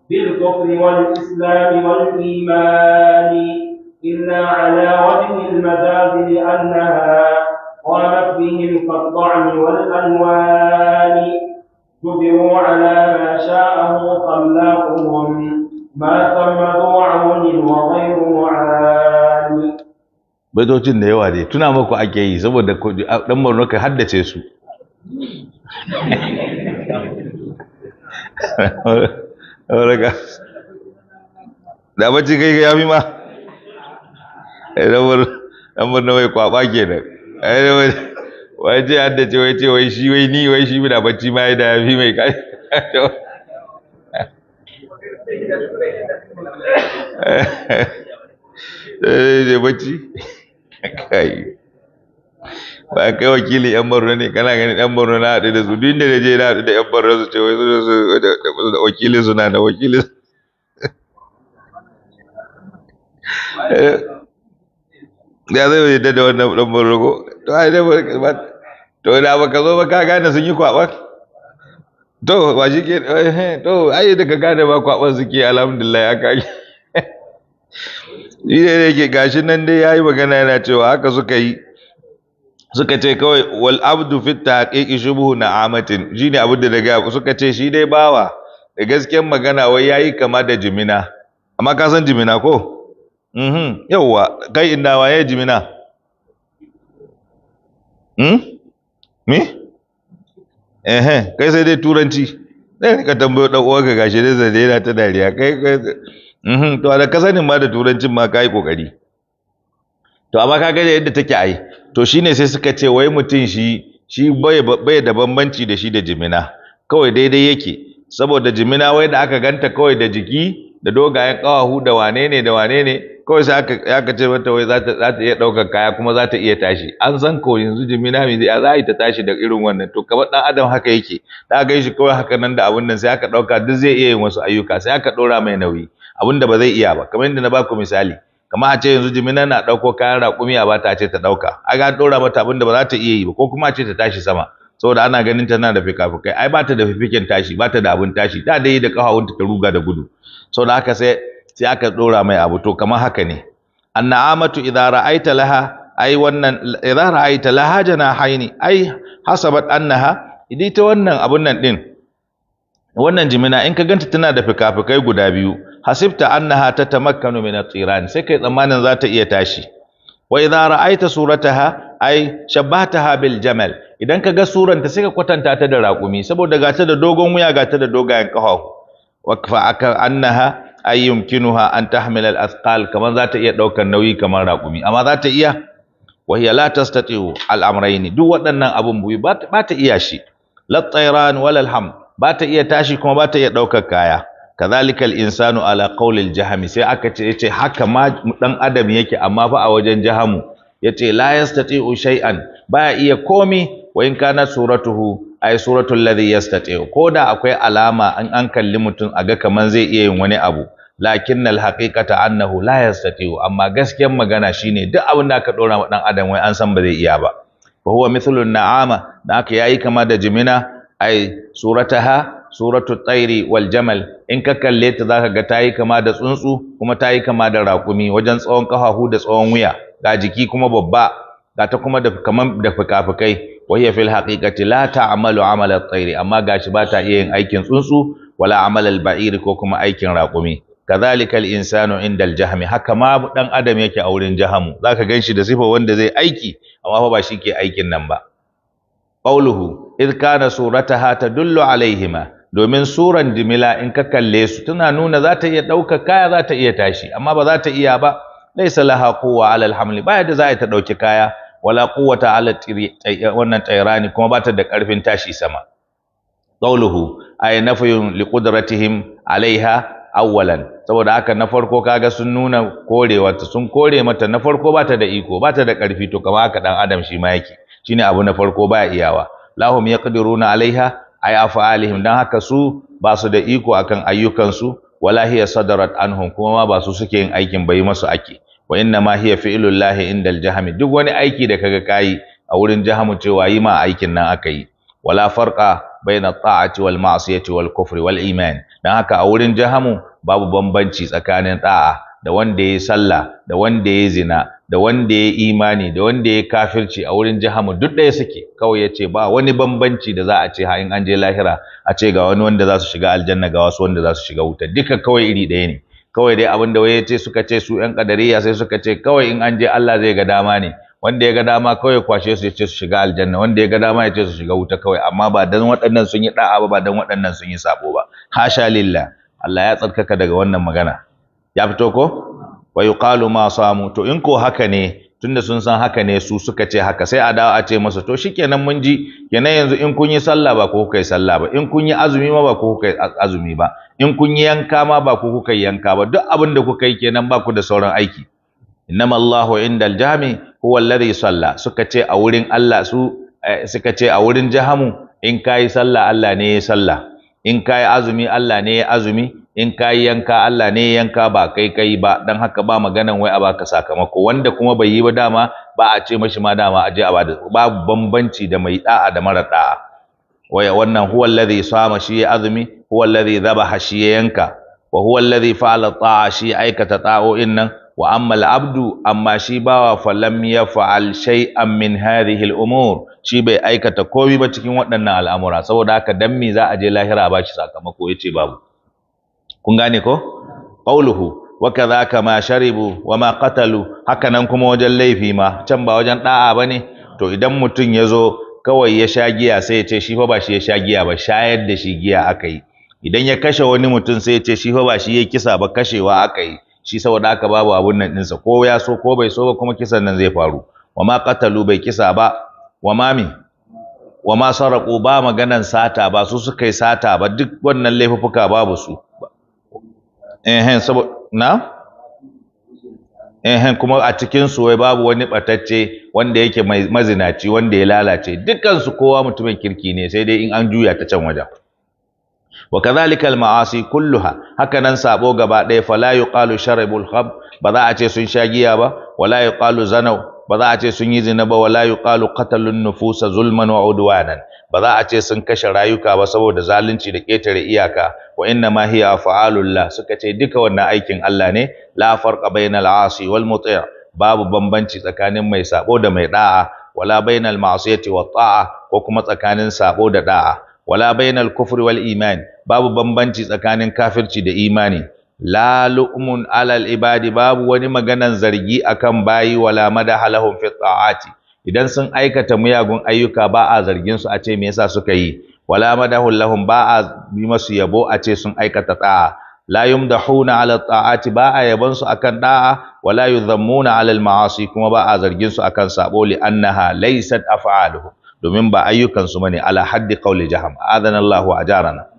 C: بالكفر والإسلام والإيمان إلا على وجه المجاز لأنها قامت بهم كالطعن والألوان جبروا على ما شاءه خلاقهم ما ثم ذو عون وغير معان
A: baitocin da yawa ne tuna maku ake yi saboda dan Borno ka haddace su da bacci kai ya fi ma eh, dan murna wai kwaba kenan wai ce an ce wai ce wai shi wai ni wai shi da bacci ma da ya fi mai kai da eh, eh, bacci kai ba kai wakili yan borno ne kana ganin yan borno na haɗu da su duk da je na haɗu da yan borno su ce wai su da wakili suna da wakili ya zai bai da wannan ɗan borno ko to ai da ba to da ba ka zo ba ka gane sun yi kwaban to ba shi ke eh, eh, to ai da ka gane ba kwaban suke alhamdulillah ya kage Ni da yake gashin nan dai yayi magana yana cewa haka suka yi suka ce kawai wal abdu fit taqiqi shubhu na'amatin jini abin da daga suka ce shi dai bawa da gaskiyar magana wai yayi kama da jimina amma ka san jimina ko mhm yawa kai inda waye jimina hmm me eh kai sai dai turanci dai ka tambayo dan uwarka gashi dai zai yana ta dariya kai kai mhm to da ka sanin ma da turancin ma kai kokari to amma ka ga yadda take ai to shi ne sai suka ce wai mutum shi shi bai da bambanci da shi da jimina kawai daidai yake saboda jimina wai da aka ganta kawai da jiki da dogayen kawahu da wane ne da wane ne kawai sai aka ce mata wai za ta iya ɗaukar kaya kuma za ta iya tashi an san ko yanzu jimina mai zai za ta tashi da irin wannan to kamar dan adam haka yake da ga shi kawai haka nan da abun nan sai aka ɗauka duk zai iya yin wasu ayyuka sai aka ɗora mai nauyi abinda da ba zai iya ba kamar yadda na baku misali kamar a ce yanzu jimina na ɗauko kayan raƙumi a bata ce ta ɗauka a ga ɗora mata abin da ba za ta iya yi ba ko kuma a ce ta tashi sama saboda ana ganin tana da fikafikai ai bata da fifikin tashi bata da abin tashi da dai da ƙahawunta ta ruga da gudu saboda haka sai sai aka ɗora mai abu to kamar haka ne annamatu idza ra'aita laha ai wannan idza ra'aita laha haini ai hasabat annaha idita wannan abun nan din wannan jimina in ka ganta tana da fikafikai guda biyu hasibta annaha tatamakkanu min at-tiran sai kai tsammanin za ta iya tashi wa idza ra'aita surataha ay shabbataha bil jamal idan ka ga suranta sai ka kwatanta ta da raƙumi saboda gata da dogon wuya gata da dogayen ƙafafu wa fa'aka annaha ay yumkinuha an tahmil al athqal kaman za ta iya daukar nauyi kamar raƙumi amma za ta iya wa hiya la tastati'u al amrayn duk waɗannan abun buyi ba ta iya shi la tayran wala al ham ba ta iya tashi kuma ba ta iya daukar kaya Kazalikal al-insanu ala qawlil sai aka ce yace haka ma dan adam yake amma fa a wajen jahamu yace la yastati'u shay'an baya iya komi wa in kana suratuhu ay suratul ladhi yastati'u koda akwai alama an an kalli mutum aga kaman zai iya yin wani abu lakin al-haqiqata annahu la yastati'u amma gaskiyar magana shine duk abin da aka dora wa dan adam wai an san ba zai iya ba fa huwa mithlu na'ama da aka yayi kama da jimina ay ha? suratu tsairi wal jamal in ka kalle ta zaka ga tayi kama da tsuntsu kuma tayi kama da raƙumi wajen tsawon ƙafafu da tsawon wuya ga jiki kuma babba ga ta kuma da kaman da fikafikai wahiya fil haqiqati la ta'malu amal at-tayri amma gashi ba ta iya yin aikin tsuntsu wala amal al-ba'ir ko kuma aikin raƙumi kadhalika al-insanu inda al-jahmi haka ma dan adam yake a wurin jahamu zaka ganshi da sifa wanda zai aiki amma fa ba shi ke aikin nan ba qawluhu idh kana surataha tadullu alayhima domin suran dimila in ka kalle su tana nuna za ta iya ɗauka kaya za ta iya tashi amma ba za ta iya ba laisa laha quwwa alal hamli ba da za ta ɗauki kaya wala quwwata ala wannan tayrani kuma ba ta da ƙarfin tashi sama qawluhu ay nafyun liqudratihim alaiha awwalan saboda haka na farko kaga sun nuna korewarta sun kore mata na farko ba ta da iko ba ta da ƙarfi to kamar haka dan adam shi ma yake shine abu na farko ba iyawa lahum yaqdiruna alaiha ay afalihim dan haka su ba su da iko akan ayyukansu wala hiya sadarat anhum kuma ma ba su suke yin aikin bai masu ake wa inna ma hiya fi'lul lahi indal jahami duk wani aiki da kaga kai a wurin jahamu cewa yi ma aikin nan aka yi wala farqa baina ta'ati wal ma'siyati wal kufri wal iman dan haka a wurin jahamu babu bambanci tsakanin da'a da wanda yayi sallah da wanda yayi zina da wanda ya imani da wanda ya kafirci a wurin mu duk ɗaya suke kawai ya ce ba wani bambanci da za a ce in an je lahira a ce ga wani wanda za su shiga aljanna ga wasu wanda za su shiga wuta duka kawai iri ɗaya ne kawai dai abin da waye ce suka ce su ƴan ƙadariya sai suka ce kawai in an je Allah zai ga dama ne wanda ya ga dama kawai kwashe su ya ce su shiga aljanna wanda ya ga dama ya ce su shiga wuta kawai amma ba dan waɗannan sun yi da'a ba ba dan waɗannan sun yi sabo ba hasha lillah Allah ya tsarkaka daga wannan magana ya fito ko wa yuqalu ma samu to in ko haka ne tunda sun san haka ne su suka ce haka sai a dawo a ce masa to shikenan mun ji kenan yanzu in kun yi sallah ba ko kuka yi sallah ba in kun yi azumi ma ba ko kuka yi azumi ba in kun yi yanka ma ba ko kuka yi yanka ba duk abin da kuka yi kenan ba ku da sauran aiki innama Allahu indal jami huwa alladhi salla suka ce a wurin Allah su eh, suka ce a wurin jahamu in kai sallah Allah ne ya sallah in kai azumi Allah ne ya azumi in ka yi yanka Allah ne yanka ba kai kai ba dan haka ba maganan wai a baka sakamako wanda kuma bai yi ba dama ba a ce mashi ma dama a je a bada babu bambanci da mai da'a da mara da'a waya wannan huwa alladhi sama shi azumi huwa alladhi dhabaha shi yanka wa huwa alladhi fa'ala ta'a shi aikata ta'o'in nan wa amma abdu amma shi bawa falam yaf'al shay'an min hadhihi al-umur shi bai aikata komai ba cikin waɗannan al'amura saboda haka dan me za a je lahira ba shi sakamako yace babu kun gane ko qauluhu wa kadhaka ma sharibu wa ma qatalu haka nan kuma wajen laifi ma can ba wajen da'a bane to idan mutum ya zo kawai ya sha giya sai ya ce shi fa ba shi ya sha giya ba shayar da shi giya aka yi idan ya kashe wani mutum sai ya ce shi fa ba shi ya kisa ba kashewa aka yi shi saboda aka babu abun nan ɗinsa ko ya so ko bai so ba kuma kisan nan zai faru wa ma qatalu bai kisa ba wa ma wa ma saraku ba maganan sata ba su suka yi sata ba duk wannan laifuka babu su ehen saboda na ehen kuma a cikin su wai babu wani batacce wanda yake mazinaci wanda ya lalace dukkan su kowa mutumin kirki ne sai dai in an juya ta can wajen wa kadhalika al-ma'asi kulluha haka nan sabo gaba ɗaya fala yuqalu sharibul khab ba za a ce sun sha giya ba wala yuqalu zanau ba za a ce sun yi zina ba wala yuqalu qatalun nufusa zulman wa udwanan ba za a ce sun kashe rayuka ba saboda zalunci da ketare iyaka wa inna ma hiya fa'alullah suka ce duka wannan aikin Allah ne la farqa bainal asi wal muti' babu bambanci tsakanin mai sabo da mai da'a wala bainal ma'siyati wat ta'a ko kuma tsakanin sabo da da'a wala bainal kufri wal iman babu bambanci tsakanin kafirci da imani la lu'mun alal ibadi babu wani maganan zargi akan bayi wala madaha lahum fi ta'ati idan sun aikata muyagun ayyuka ba a zargin su a ce me yasa suka yi wala madahu lahum ba a yi masu yabo a ce sun aikata ta'a la yumdahuna ala ta'ati ba a yaban su akan da'a wala yudhammuna ala al-ma'asi kuma ba a zargin su akan sabo li annaha laysat af'aluhum domin ba ayyukan su bane ala haddi qawli jahannam adana Allahu ajarana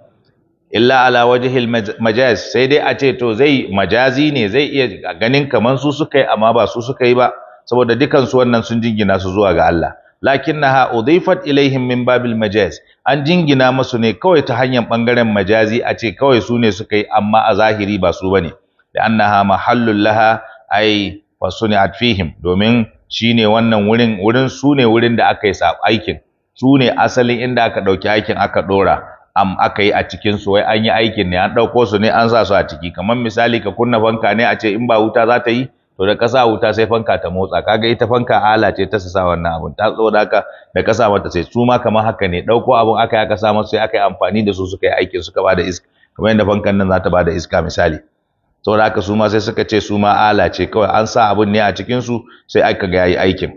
A: illa ala wajhil majaz sai dai a ce to zai majazi ne zai iya ganin kaman su suka yi amma ba su suka yi ba saboda dukan su wannan sun jingina su zuwa ga Allah lakinnaha udhifat ilaihim min babil majaz an jingina musu ne kawai ta hanyar bangaren majazi a ce kawai su ne suka yi amma a zahiri ba su bane da annaha mahallul laha ay wasuniat fihim domin shine wannan wurin wurin su ne wurin da aka yi aikin su ne asalin inda aka dauki aikin aka dora am aka yi a cikin su wai an yi aikin ne an ɗauko su ne an sa su a ciki kamar misali ka kunna fanka ne a ce in ba wuta za ta yi to da kasa wuta sai fanka ta motsa kaga ita fanka ala ce ta sa wannan abun ta tso da haka da kasa mata sai su ma kamar haka ne dauko abun aka yi aka sa masa sai aka yi amfani da su suka yi aikin suka bada iska kamar yadda fankan nan za ta bada iska misali saboda haka su ma sai suka ce su ma ala ce kawai an sa abun ne a cikin su sai aka ga yayi aikin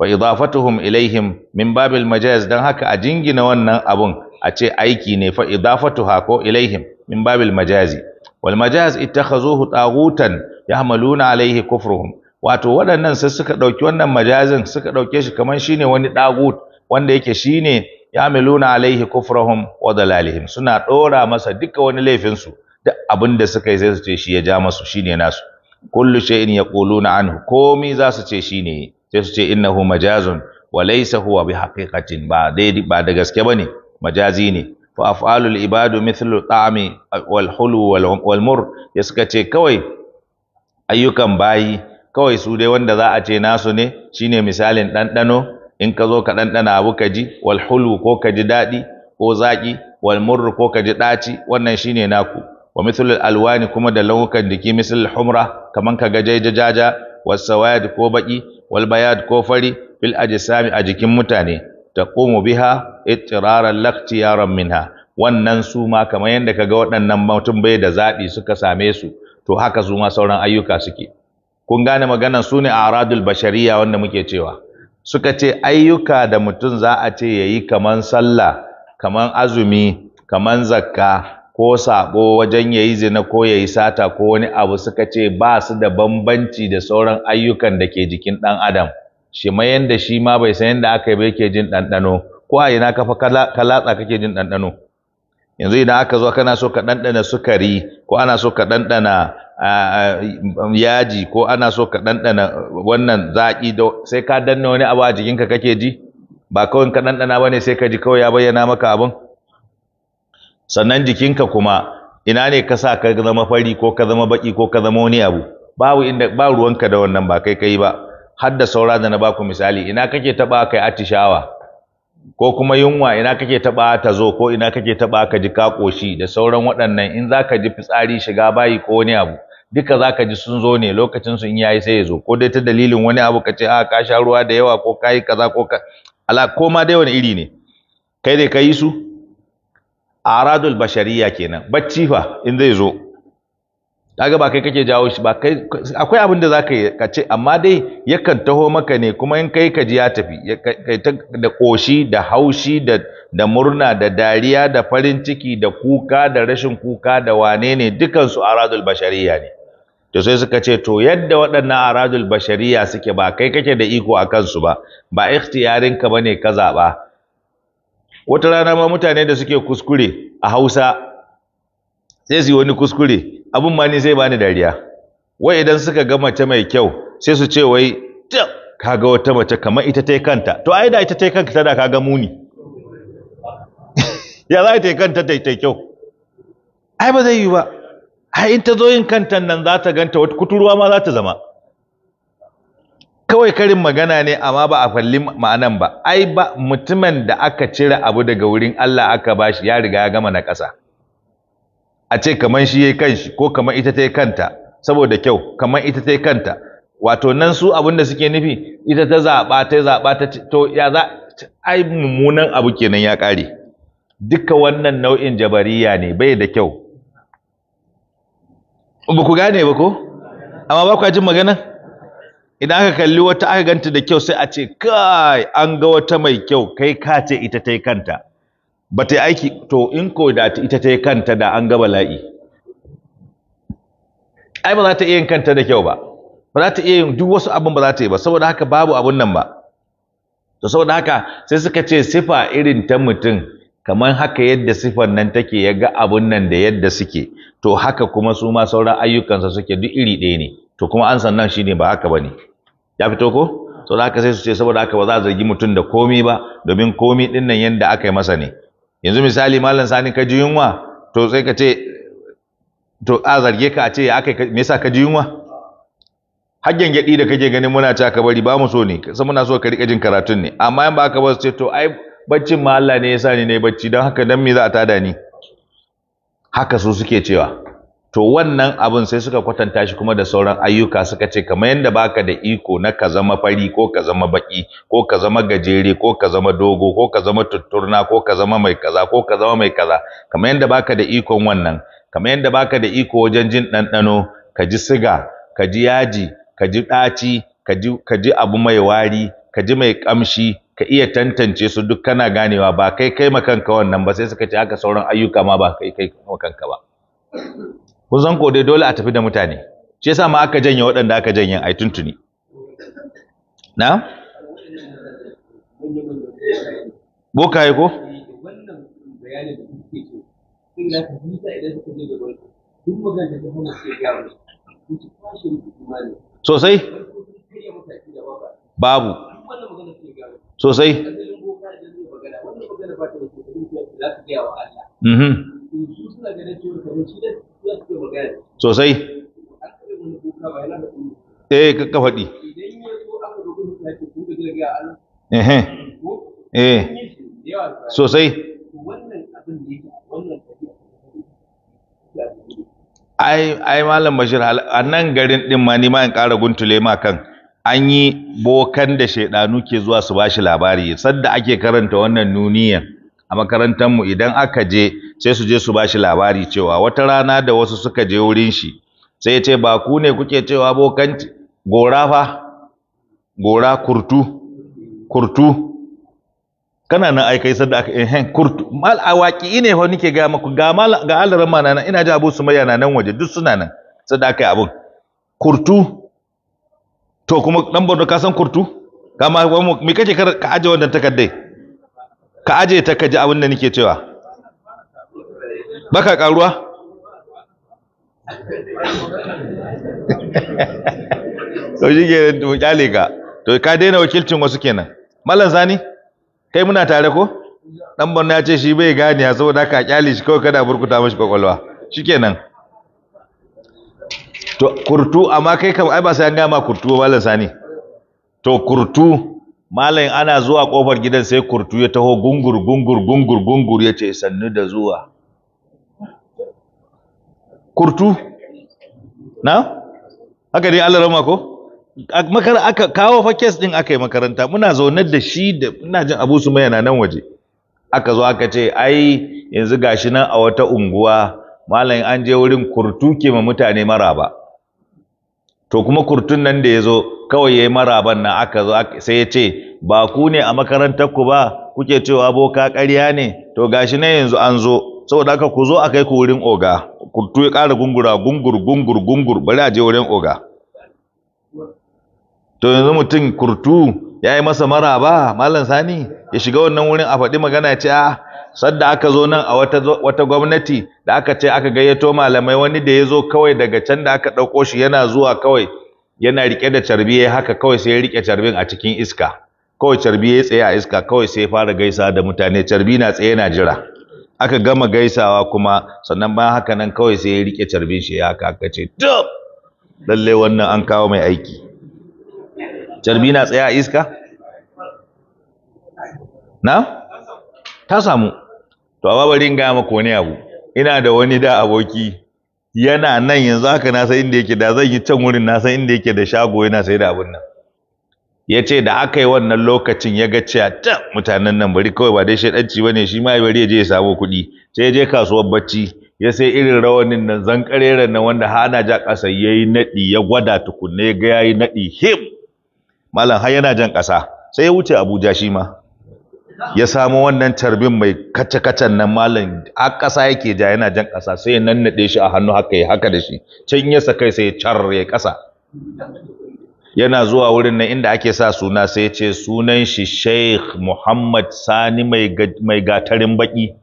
A: wa idafatuhum ilaihim min babil majaz dan haka a jingina wannan abun a ce aiki ne fa idafatuha ko ilaihim min babil majazi wal majaz ittakhazuhu tagutan yahmaluna alaihi kufruhum wato waɗannan sai suka ɗauki wannan majazin suka ɗauke shi kamar shine wani dagut wanda yake shine yahmaluna alaihi kufruhum wa dalalihim suna ɗora masa duka wani laifin su duk abin da suka yi sai su ce shi ya ja masu shine nasu kullu shay'in yaquluna anhu komi za su ce shine sai su ce innahu majazun wa laysa huwa bihaqiqatin ba dai ba da gaske bane majazi ne fa af'alul ibadu mithlu ta'ami wal hulu wal mur ya suka ce kawai ayyukan bayi kawai su dai wanda za a ce nasu ne shine misalin ɗanɗano in ka zo ka ɗanɗana abu ka ji wal hulu ko ka ji daɗi ko zaƙi wal mur ko ka ji ɗaci wannan shine naku wa mithlul alwani kuma da launukan jiki misal humra kaman ka ga jajajaja was sawad ko baki wal bayad ko fari fil ajsami a jikin mutane taqumu biha ittiraran yaron minha wannan su ma kamar yadda kaga waɗannan mutum bai da zaɓi suka same su to haka su ma sauran ayyuka suke kun gane maganar su ne a aradul bashariya wanda muke cewa suka ce ayyuka da mutum za a ce yayi kaman sallah kaman azumi kaman zakka ko sabo wajen yayi zina ko yayi sata ko wani abu suka ce ba su da bambanci da sauran ayyukan da ke jikin ɗan adam shi ma yanda shi ma bai san yanda aka yi ba yake jin ɗanɗano ko a ina kafa kalatsa kake jin ɗanɗano yanzu idan aka zo kana so ka ɗanɗana sukari ko ana so ka ɗanɗana yaji ko ana so ka ɗanɗana wannan zaƙi sai ka danna wani abu a jikinka kake ji ba kawai ka ɗanɗana ba ne sai ka ji kawai ya bayyana maka abin sannan jikinka kuma ina ne ka sa ka zama fari ko ka zama baƙi ko ka zama wani abu babu inda ba ruwanka da wannan ba kai kai ba har da saura da na baku misali ina kake taba kai atishawa ko kuma yunwa ina kake taba ta zo ko ina kake taba ka ji ka koshi da sauran waɗannan in zaka ji fitsari shiga bayi ko wani abu duka zaka ji sun zo ne lokacin su in yayi sai ya zo ko dai ta dalilin wani abu ka ce a ah, ka sha ruwa da yawa ko kai kaza ko ka ala ko ma dai wani iri ne kai dai ka su aradul bashariya kenan bacci fa in zai zo kaga ba kai kake jawo shi ba kai akwai abin da zaka yi ka ce amma dai yakan taho maka ne kuma in kai ka ji ya tafi kai ta da koshi da haushi da da murna da dariya da farin ciki da kuka da rashin kuka da wane ne dukan su aradul bashariya ne to sai suka ce to yadda waɗannan aradul bashariya suke ba kai kake da iko a kansu ba ba ikhtiyarin ka bane ka zaba wata rana ma mutane da suke kuskure a Hausa sai su yi wani kuskure abin ma ni zai bani dariya wai idan suka ga mace mai kyau sai su ce wai kaga wata mace kamar ita ta kanta to ai da ita ta kanta da kaga muni ya za ta yi kanta ta ta kyau ai ba zai yi ba ai in ta zo yin kantan nan za ta ganta wata kuturwa ma za ta zama kawai karin magana ne amma ba a falli ma'anan ba ai ba mutumin da aka cire abu daga wurin Allah aka bashi ya riga ya gama na ƙasa a ce kaman shi ya yi kanshi ko kaman ita ta yi kanta saboda kyau kaman ita ta yi kanta wato nan su abin da suke nufi ita ta zaɓa ta zaɓa ta to ya za ai mummunan abu kenan ya ƙare duka wannan nau'in jabariya ne bai da kyau ba ku gane ba ko amma ba ku jin magana idan aka kalli wata aka ganta da kyau sai a ce kai an ga wata mai kyau kai ka ce ita ta yi kanta ba ta aiki to in ko da ita ta yi kanta da an gaba la'i ai ba za ta iya yin kanta da kyau ba ba za ta iya yin duk wasu abin ba za ta yi ba saboda haka babu abun nan ba to saboda haka sai suka ce sifa irin ta mutum kamar haka yadda sifan nan take ya ga abun nan da yadda suke to haka kuma su ma sauran ayyukansa suke duk iri ɗaya ne to kuma an san nan shi ne ba haka ba ne ya fito ko saboda haka sai su ce saboda haka ba za a zargi mutum da komi ba domin komi ɗin nan yadda aka yi masa ne yanzu misali Mallam sani ka ji yunwa to sai ka ce to a zarge ka a ce ya aka me yasa ka ji yunwa hajjan gyaɗi da kake ganin muna ta ka bari ba mu so ne sai muna so ka rika jin karatun ne amma in ba ka ba su ce to ai baccin ma Allah ne yasa ne bacci dan haka dan me za a tada ni haka su suke cewa to wannan abin sai suka kwatanta shi kuma da sauran ayyuka suka ce kamar yadda baka da iko na ka zama fari ko ka zama baki ko ka zama gajere ko ka zama dogo ko ka zama tutturna ko ka zama mai kaza ko ka zama mai kaza kamar yadda baka da ikon wannan kamar yadda baka da iko wajen jin ɗanɗano ka ji siga ka ji yaji ka ji ɗaci ka ji abu mai wari ka ji mai ƙamshi ka iya tantance su duk kana ganewa ba kai kai makanka wannan ba sai suka ce haka sauran ayyuka ma ba kai kai makanka ba kun san ko dai dole a tafi da mutane shi yasa ma aka janye waɗanda aka janye ai tuntuni na yi ko sosai babu sosai mhm sosai eh ka faɗi
B: eh eh sosai
A: ai ai malam bashir a nan garin din ma ni ma in ƙara guntule ma kan an yi bokan da shaidanu ke zuwa su bashi labari sadda ake karanta wannan nuniyan a makarantar mu idan aka je sai su je su bashi labari cewa wata rana da wasu suka je wurin shi sai ya ce ba ku ne kuke cewa bokan gora fa gora kurtu kurtu kana nan ai kai sadda aka ehen kurtu mal awaki ne fa nike ga maku ga mal ga alaran ma ina ji Abu Sumayya na nan waje duk suna nan sadda kai abun kurtu to kuma dan bodo ka san kurtu kama me kake ka aje wannan takaddai ka aje ta ka ji abin da nake cewa baka karuwa to shi ke to kyale ka to ka daina wakilcin wasu kenan mallan zani kai muna tare ko dan Borno ya ce shi bai gane ya saboda ka kyale shi kawai kada burkuta mashi kwakwalwa shikenan to kurtu amma kai kam ai ba sai an gama kurtu ba mallan sani to kurtu mallan ana zuwa kofar gidan sai kurtu ya taho gungur gungur gungur gungur ya ce sannu da zuwa kurtu na haka dai Allah rama ko makar aka kawo fa kes din aka yi makaranta muna zaunar da shi da ina jin Abu su na nan waje aka zo aka ce ai yanzu gashi nan a wata unguwa malam an je wurin kurtu ke ma mutane maraba to kuma kurtun nan da ya zo kawai ya yi maraban nan aka zo sai ya ce ba ku ne a makarantar ku ba kuke cewa boka ƙarya ne to gashi nan yanzu an zo saboda haka ku zo a kai ku wurin oga kurtu ya ƙara gungura gungur gungur gungur bari a je wurin oga to yanzu mutum kurtu ya yi masa mara ba malam sani ya shiga wannan wurin a faɗi magana ce a ah, sadda aka zo nan a wata, gwamnati da aka ce aka gayyato malamai wani da ya zo kawai daga can da aka ɗauko shi yana zuwa kawai yana rike da carbi ya haka kawai sai ya rike carbin a cikin iska kawai carbi ya tsaye a iska kawai sai ya fara gaisa da mutane carbi na tsaye na jira aka gama gaisawa kuma sannan bayan haka nan kawai sai ya rike carbin shi ya kakace ce dab lalle wannan an kawo mai aiki carbi na tsaya a iska na ta samu to a babarin ga maka wani abu ina da wani da aboki yana nan yanzu haka na san inda yake da zan yi can wurin na san inda yake da shago yana sai da abun nan ya ce da aka yi wannan lokacin ya ga cewa ta mutanen nan bari kawai ba dai shaidanci ba ne shi ma bari ya je ya samu kuɗi sai ya je kasuwar bacci ya sai irin rawanin nan zankarera nan wanda hana ja ƙasa ya yi naɗi ya gwada tukunne ya ga ya yi naɗi him malam har yana jan ƙasa sai ya wuce abuja shi ma ya samu wannan tarbin mai kacakacan kacen nan malam a ƙasa yake ja yana jan ƙasa sai ya nannaɗe shi a hannu haka ya haka da shi can ya sa kai sai ya car ya ƙasa yana zuwa wurin nan inda ake sa suna sai ce sunan shi Sheikh Muhammad Sani mai gatarin baki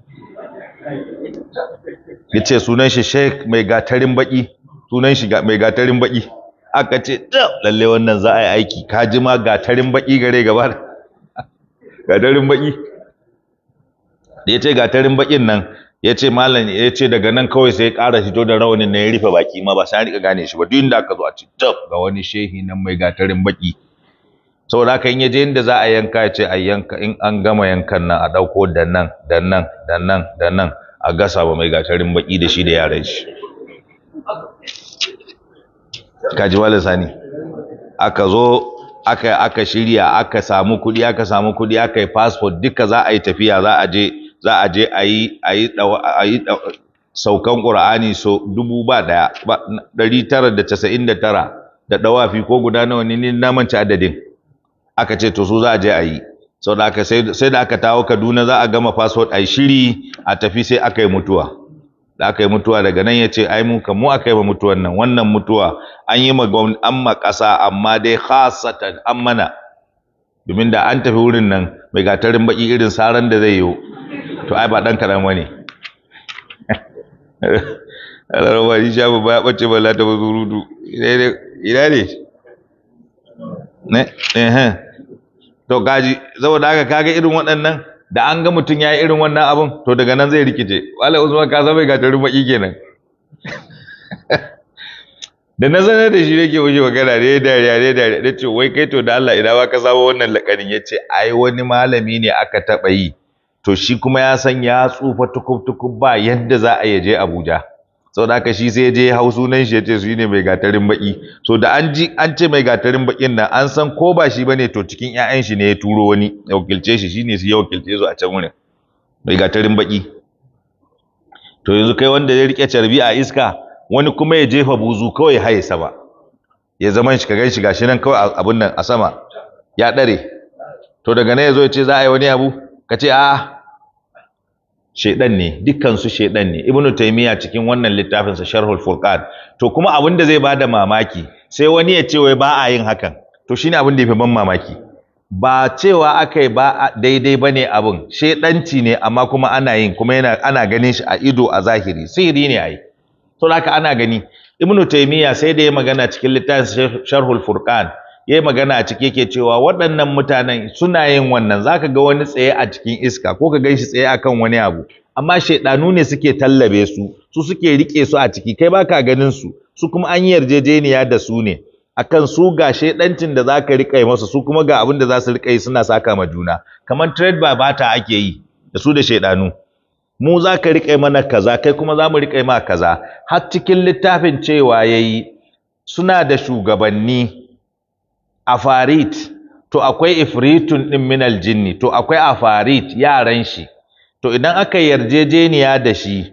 A: yace sunan shi Sheikh mai gatarin baki sunan shi mai gatarin baki aka ce lalle wannan za a yi aiki ka ji ma gatarin baki gare gaba gatarin baki da yace gatarin bakin nan ya ce malam ya ce daga nan kawai sai ya ƙara fito da rawanin na ya rufe baki ma ba sai rika gane shi ba duk inda aka zo a ce tab ga wani shehi nan mai gatarin baki saboda haka in ya je inda za a yanka ya ce a yanka in an gama yankan nan a ɗauko da nan da nan da nan da nan a gasa ba mai gatarin baki da shi da yaran shi kaji wala sani aka zo aka aka shirya aka samu kuɗi aka samu kuɗi aka yi passport duka za a yi tafiya za a je za a je a yi a yi a yi saukan ƙura'ani so dubu ba daya ɗari tara da casa'in da tara da ɗawafi ko guda nawa ne ni na manci adadin aka ce to su za a je a yi sau da aka sai da aka tawo Kaduna za a gama fasfot a shiri a tafi sai aka yi mutuwa da aka yi mutuwa daga nan ya ce ai mu kan aka yi mutuwan nan wannan mutuwa an yi ma ƙasa amma dai khasatan an mana domin da an tafi wurin nan mai gatarin baki irin saran da zai yi to ai ba dan karam wani. Allah ba ni sha ba ya bace balla ta bazurudu ina ne ne eh to gaji saboda haka kaga irin waɗannan da an ga mutum ya yi irin wannan abun to daga nan zai rikice wala usman ka san bai gatarin maki kenan da na sanar da shi nake wuce magana ne dariya ne dariya da ce wai kai to da Allah ina ba ka sabo wannan ya yace ai wani malami ne aka taba yi to shi kuma ya san ya tsufa tukub tukub ba yadda za a yi je Abuja da haka shi sai je hau sunan shi yace su ne mai gatarin baki so da an ji an ce mai gatarin bakin nan an san ko ba shi bane to cikin ƴaƴan shi ne ya turo wani ya wakilce shi shine su ya wakilce su a can wurin mai gatarin baki to yanzu kai wanda ya rike carbi a iska wani kuma ya jefa buzu kawai haye sama ya zama shi ka gan shi gashi nan kawai abun nan a sama ya dare to daga nan ya zo ya ce za a yi wani abu ka ce a'a shaidan ne dukkansu shaidan ne ibnu taymiya cikin wannan littafin sa sharhul furqan to kuma abin da zai bada mamaki sai wani ya ce wai ba a yin hakan to shine abin da yafi ban mamaki ba cewa akai ba daidai bane abin shaidanci ne amma kuma ana yin kuma yana ana ganin shi a ido a zahiri sihiri ne ai to haka ana gani ibnu taymiya sai da ya magana cikin littafin sharhul furqan yi magana a cike ke cewa waɗannan mutanen suna yin wannan za ka ga wani tsaye a cikin iska ko ka ganshi tsaye akan wani abu amma shaidanu ne suke tallabe su su suke rike su a ciki kai baka ganin su su kuma an yarjejeniya da su ne akan su ga shaidancin da za ka rika masa su kuma ga abin da za su rika yi suna saka ma juna kamar trade ba bata ake yi da su da shaidanu mu za ka riƙe mana kaza kai kuma za mu riƙe ma kaza har cikin littafin cewa ya yi suna da shugabanni afarit to akwai ifritun din minal jinni to akwai afarit yaran shi to idan aka yarjejeniya da shi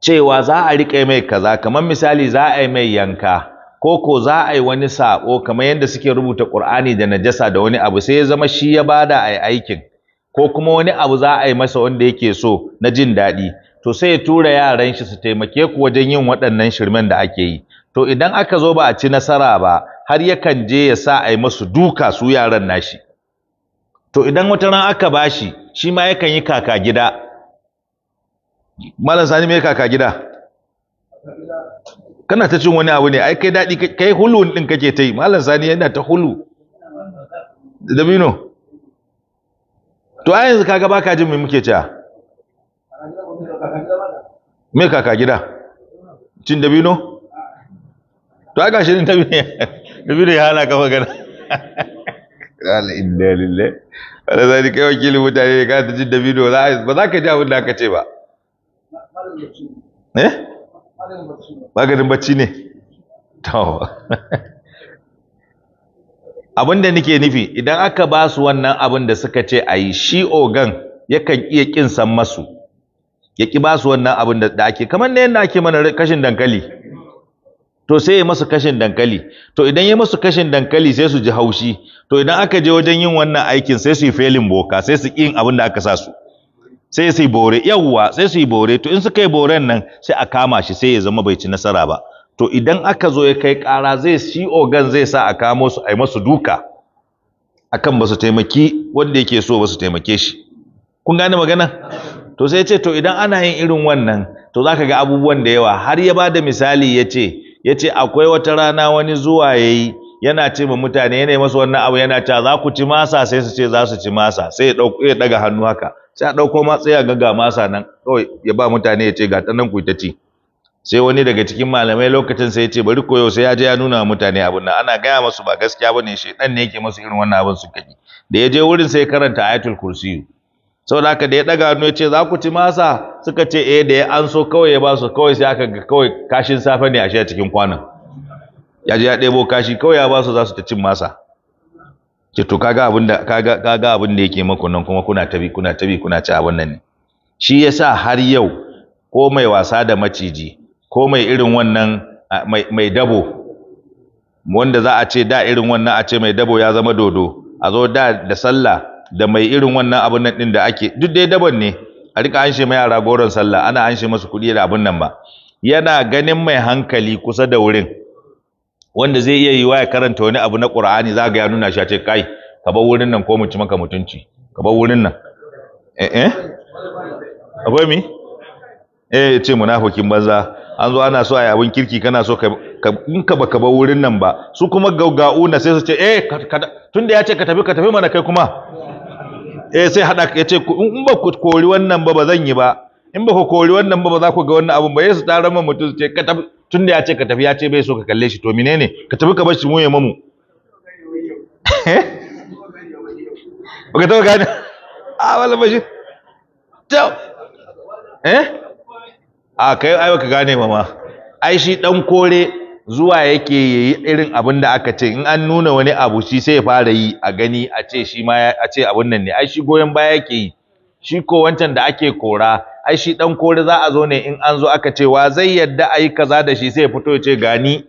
A: cewa za a riƙe mai kaza kamar misali za a yi mai yanka ko ko za a yi wani saƙo kamar yadda suke rubuta ƙur'ani da najasa da wani abu sai ya zama shi ya bada ai aikin ko kuma wani abu za a yi masa wanda yake so na jin daɗi to sai ya tura yaran shi su taimake ku wajen yin waɗannan shirmen da ake yi to idan aka zo ba a ci nasara ba har yakan je ya sa a yi masu duka su yaran nashi to idan wata ran aka bashi shi ma yakan yi kaka gida malam sani me kaka gida kana ta cin wani abu ne ai kai daɗi kai hulu ɗin kake ta yi malam sani yana ta hulu dabino to a yanzu kaga baka jin me muke cewa me kaka gida cin dabino to aka shirin dabino nabi da kafa hana ka
B: inda ala inna lillahi
A: wala zai kai wakilin mutane ka ta ji dabido ba za ka ji abin da aka ce ba eh maganin bacci ne to abin da nake nufi idan aka ba su wannan abin da suka ce a yi shi ogan yakan iya kinsan masu ya ki ba su wannan abin da ake kamar na yadda ake mana kashin dankali to sai ya masu kashin dankali to idan ya masu kashin dankali sai su ji haushi to idan aka je wajen yin wannan aikin sai su yi felin boka sai su yi abin da aka sa su sai su yi bore yawwa sai su yi bore to in suka yi boren nan sai a kama shi sai ya zama bai ci nasara ba to idan aka zo ya kai kara zai shi ogan zai sa a kamo su a yi masu duka akan ba su taimaki wanda yake so ba su taimake shi kun gane magana to sai ya ce to idan ana yin irin wannan to zaka ga abubuwan da yawa har ya ba da misali ya ce ya ce akwai wata rana wani zuwa ya yi yana ce ma mutane yana masu wannan abu yana cewa za ku ci masa sai su ce za su ci masa sai ya ɗaga hannu haka sai a ɗauko matsa ya ga masa nan kawai ya ba mutane ya ce ga ta nan ku ta ci sai wani daga cikin malamai lokacin sai ya ce bari koyo sai ya je ya nuna mutane abin nan ana gaya masu ba gaskiya bane shedan ne yake masu irin wannan abin su kaji da ya je wurin sai ya karanta ayatul kursiyu saboda da, da ya daga hannu ya ce za ku ci masa suka ce eh da ya an so kawai ya ba su kawai sai aka ga kawai kashin safe ne a shi a cikin kwanan ya je ya ɗebo kashi kawai ya ba su za su ta cin masa ce to kaga abin da kaga kaga abin da yake maku nan kuma kuna tabi kuna tabi kuna ci abin nan ne shi yasa har yau ko mai wasa da maciji ko mai irin wannan mai mai dabo wanda za a ce da irin wannan a ce mai dabo ya zama dodo a zo da da sallah da mai irin wannan abun nan din da ake duk dai daban ne a rika anshe mai yara goron sallah ana anshe masu kuɗi da abun nan ba yana ganin mai hankali kusa da wurin wanda zai iya yiwa ya karanta wani abu na Qur'ani za ga ya nuna shi a ce kai ka bar wurin nan ko mu ci maka mutunci ka bar wurin nan eh eh abai mi eh ce munafikin banza an zo ana so a abin kirki kana so in ka baka bar wurin nan ba su kuma gauga'u na sai su ce eh tunda ya ce ka tafi ka tafi mana kai kuma eh sai hada ya ce in ba ku kori wannan ba ba zan yi ba in ba ku kori wannan ba ba za ku ga wannan abun ba yesu ta rama mutum ce ka tafi tun da ya ce ka tafi ya ce bai so ka kalle shi to menene ka tafi ka bar shi mu ya mamu eh? ba ka taɓa gane a ah, wala ba shi eh a ah, kai ai ka gane mama ai shi dan kore zuwa yake yi irin abin da aka ce in an nuna wani abu shi sai ya fara yi a gani a ce shi ma a ce abin nan ne ai shi goyon baya yake yi shi ko wancan da ake kora ai shi dan kore za a zo ne in an zo aka ce wa zai yadda ai kaza da shi sai ya fito ya ce gani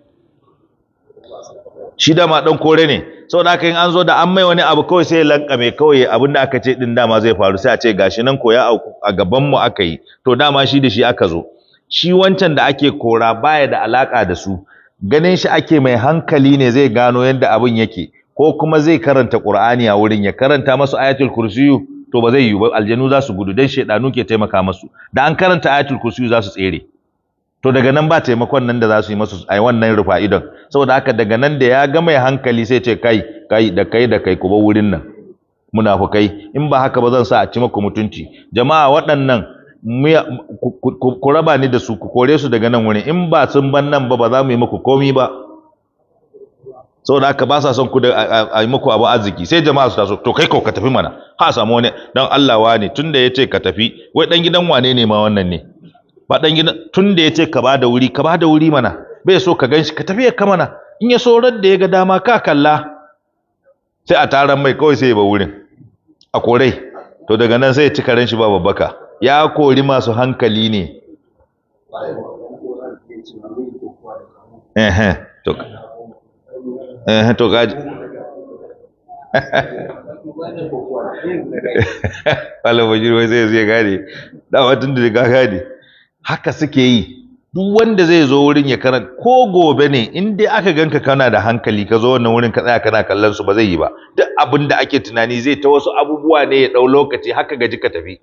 A: shi da ma dan kore ne saboda haka in an zo da an mai wani abu kawai sai ya lankame kawai abin da aka ce din dama zai faru sai a ce gashi nan koya a gaban mu aka yi to dama shi da shi aka zo shi wancan da ake kora baya da alaka da su ganin shi ake mai hankali ne zai gano yadda abin yake ko kuma zai karanta Qur'ani a wurin ya karanta masu ayatul kursiyu to ba zai yiwu ba aljanu za su gudu dan shedanu ke taimaka masu da an karanta ayatul kursiyu za su tsere to daga nan ba taimakon nan da za su yi masu ai wannan rufa idon saboda haka daga nan da ya ga mai hankali sai ce kai kai da kai da kai ku ba wurin nan munafukai in ba haka ba zan sa a ci maku mutunci jama'a waɗannan ku raba ni da su ku kore su daga nan wurin in ba sun ban nan ba ba za mu yi muku komi ba saboda aka ba sa son ku da a yi muku abu arziki sai jama'a su taso to kai ko ka tafi mana ha samu wani dan Allah wane tunda ya ce ka tafi wai dan gidan wane ne ma wannan ne ba dan gidan tunda ya ce ka ba da wuri ka ba da wuri mana bai so ka ganshi ka tafi ka mana in ya so da ya ga dama ka kalla sai a taron mai kawai sai ya ba wurin a korai to daga nan sai ya ci karen shi ba babbaka ya kori masu hankali ne
B: eh eh to
A: Allah ba wai sai ya gane da da ka gane haka suke yi duk wanda zai zo wurin ya kana ko gobe ne in dai aka ganka kana da hankali ka zo wannan wurin ka tsaya kana kallon su ba zai yi ba duk abin da ake tunani zai ta wasu abubuwa ne ya dau lokaci haka gaji ka tafi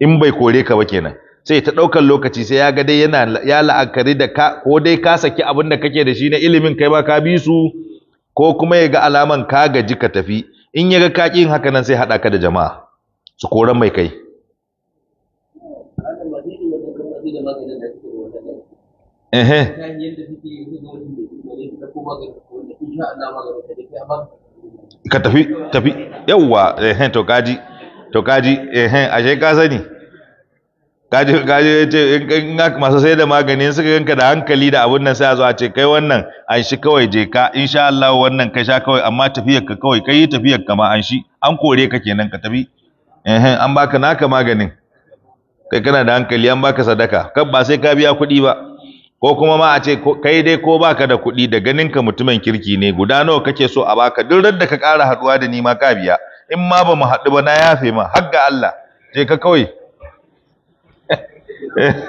A: in bai kore ka ba kenan sai ta ɗaukar lokaci sai ya ga dai yana ya la'akari da ka ko dai ka saki abin da kake da shi na ilimin kai ba ka bi su ko kuma ya ga alaman ka gaji ka tafi in ya ga kaki yin haka nan sai haɗa ka da jama'a su koran mai kai
B: ehe ka tafi tafi
A: yawwa ehe to kaji to kaji eh ashe ka sani kaji kaji yace in masu sai da magani suka ganka da hankali da abun nan sai a zo a ce kai wannan an shi kawai je ka insha Allah wannan ka sha kawai amma tafiyar ka kawai kai tafiyar ka ma an shi an kore ka kenan ka tafi eh an baka naka maganin kai kana da hankali an baka sadaka kan ba sai ka biya kuɗi ba ko kuma ma a ce kai dai ko baka da kuɗi da ganin ka mutumin kirki ne guda nawa kake so a baka duk da ka ƙara haɗuwa da ni ma ka biya in ma ba mu haɗu ba na yafe ma har ga Allah je ka kawai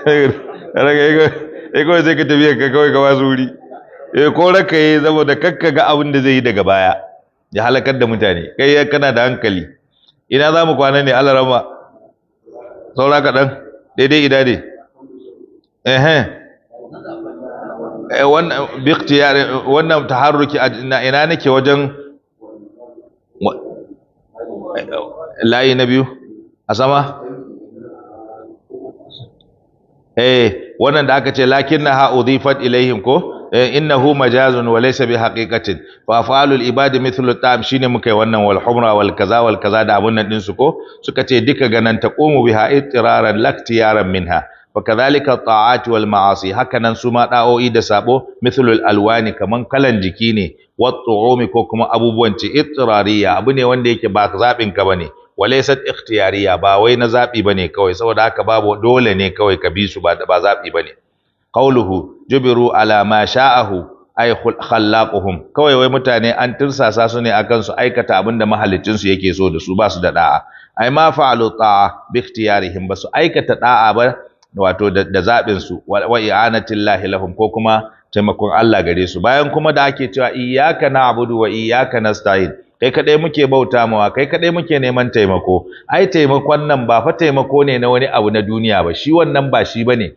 A: eh kawai sai ka tafi ka kawai ka wasu wuri eh ko raka yi saboda kakka ga abin da zai yi daga baya ya halakar da mutane kai kana da hankali ina za mu kwana ne Allah rama saura kaɗan daidai ida ne ehem eh, wannan biktiyar wannan taharruki ina nake wajen layi na biyu a sama eh wannan da aka ce lakin na ha'udifat ilaihim ko eh, innahu majazun wa laysa bi haqiqatin fa afalul ibad mithlu ta'am shine muka yi wannan wal humra wal kaza wal kaza da abun nan din su ko suka ce duka ganan taqumu biha ittiraran laktiyaran minha fa kadhalika ta'at wal ma'asi hakanan su ma da'o'i da sabo mithlu al alwani kaman kalan jiki ne wat tu'umi ko kuma abubuwan ci ittirariya abu ne wanda yake ba zabin ka bane walaysat ikhtiyariya ba wai na zabi bane kawai saboda haka babu dole ne kawai ka bi su ba ba zabi bane qauluhu jubiru ala ma sha'ahu ay khallaquhum kawai wai mutane an tirsasa su ne akan su aikata abin da mahallicin su yake so da su ba su da da'a ai ma fa'alu ta'a bi ikhtiyarihim ba su aikata da'a ba wato da zabin su wa i'anatillahi lahum ko kuma taimakon Allah gare su bayan kuma da ake cewa iyyaka na'budu wa iyyaka nasta'in kai kaɗai muke bauta mawa kai kaɗai muke neman taimako ai taimakon nan ba fa taimako ne na wani abu na duniya ba shi wannan ba shi bane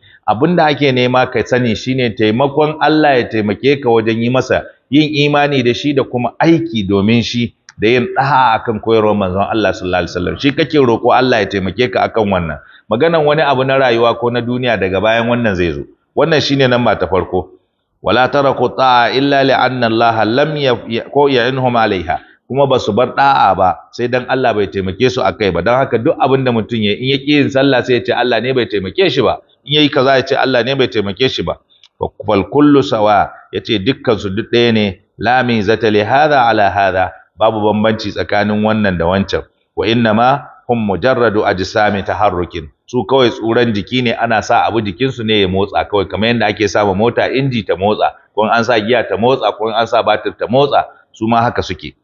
A: da ake nema ka sani shine taimakon Allah ya taimake ka wajen yi masa yin imani da shi da kuma aiki domin shi da yin daha akan koyarwar manzon Allah sallallahu alaihi wasallam shi kake roko Allah ya taimake ka akan wannan maganan wani abu na rayuwa ko na duniya daga bayan wannan zai zo wannan shine nan ba ta farko wala taraku ta illa li anna Allah lam ya ko ya'inhum alaiha kuma ba su bar ɗa'a ba sai dan Allah bai taimake su akai ba dan haka duk abin da mutum ya in ya yin sallah sai ya ce Allah ne bai taimake shi ba in yayi kaza ya ce Allah ne bai taimake shi ba Bal kullu sawa ce dukkan su duk ɗaya ne la min zata li hadha ala hadha babu bambanci tsakanin wannan da wancan wa inna ma hum mujarradu ajsami taharrukin su kawai tsuran jiki ne ana sa abu jikinsu ne ya motsa kawai kamar yadda ake sama mota inji ta motsa ko an sa giya ta motsa ko an sa batir ta motsa su ma haka suke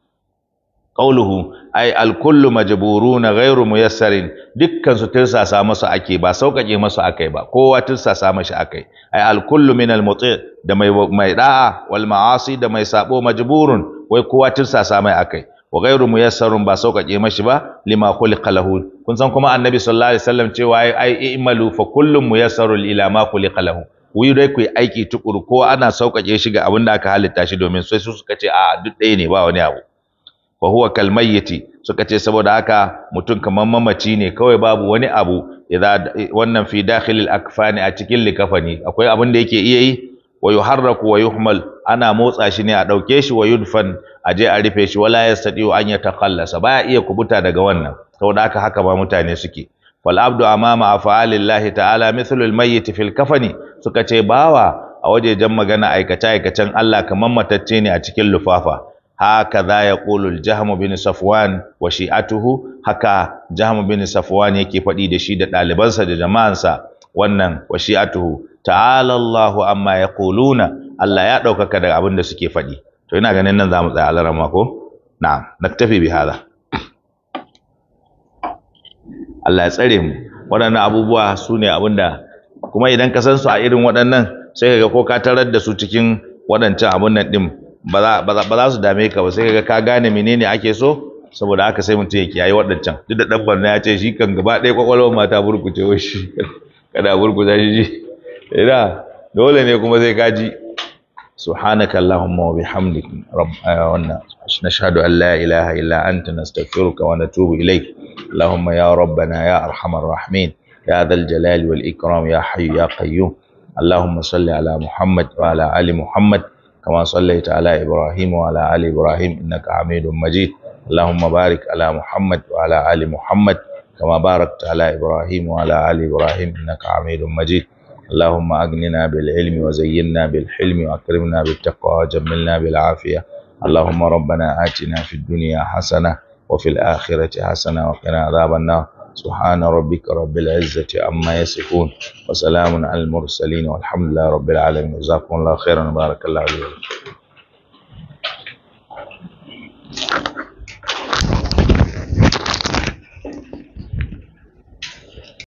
A: qauluhu ay al kullu majburuna ghairu muyassarin dukkan su tirsasa masu ake ba sauƙaƙe masu akai ba kowa tirsasa mashi akai ay al kullu min al muti da mai mai da'a wal ma'asi da mai sabo majburun wai kowa tirsasa mai akai wa ghairu muyassarun ba sauƙaƙe mashi ba lima khuliqa lahu kun san kuma annabi sallallahu alaihi wasallam cewa ai i'malu fa kullum muyassarun ila ma khuliqa lahu wuyi dai ku yi aiki tukuru ko ana sauƙaƙe shi ga abin da aka halitta shi domin sai su suka ce a duk ɗaya ne ba wani abu wa huwa kal mayyiti suka ce saboda haka mutum kamar mamaci ne kawai babu wani abu idza wannan fi dakhil al akfani a cikin likafani akwai abin da yake iya yi wa yuharraku wa yuhmal ana motsa shi ne a dauke shi wa yudfan a je a rufe shi wala yastati'u an yatakhallasa baya iya kubuta daga wannan saboda haka haka ba mutane suke fal abdu amama afa'alillahi ta'ala mithlu al mayyit al kafani suka ce bawa a wajejen magana aikace aikacen Allah kamar matacce ne a cikin lufafa Haka za ya al-jahm bin safwan wa shi a tuhu. haka jahm bin safwan yake faɗi da shi da ɗalibansa da jama'ansa wannan wa shi a tuhu. Allahu amma ya yaquluna Allah ya ɗaukaka daga abin da suke faɗi to ina ganin nan za zamu tsaya alarama ko na'am naktafi bi hada Allah ya tsare mu waɗannan abubuwa su ne abinda kuma idan ka san su a irin waɗannan sai ka ga ko ka tarar da su cikin waɗancan abun nan ɗin ba za su dame ka ba sai kaga ka gane ne ake so saboda haka sai mutum ya kiyaye waɗancan duk da ɗan na ya ce shi kan gaba ɗaya kwakwalwar mata burkuce wai shi kada burkuta shi ji ina dole ne kuma sai kaji subhanaka allahumma wa bihamdik wannan nashhadu an la ilaha illa anta nastaghfiruka wa natubu ilayk اللهم يا ربنا يا ارحم الراحمين يا wal ikram, ya يا ya يا Allahumma salli ala Muhammad wa ala Ali Muhammad. كما صليت على إبراهيم وعلى آل إبراهيم إنك حميد مجيد اللهم بارك على محمد وعلى آل محمد كما باركت على إبراهيم وعلى آل إبراهيم إنك حميد مجيد اللهم أغننا بالعلم وزينا بالحلم وأكرمنا بالتقوى وجملنا بالعافية اللهم ربنا آتنا في الدنيا حسنة وفي الآخرة حسنة وقنا عذاب النار سبحان ربك رب العزة عما يصفون وسلام على المرسلين والحمد لله رب العالمين جزاكم الله خيرا وبارك الله فيكم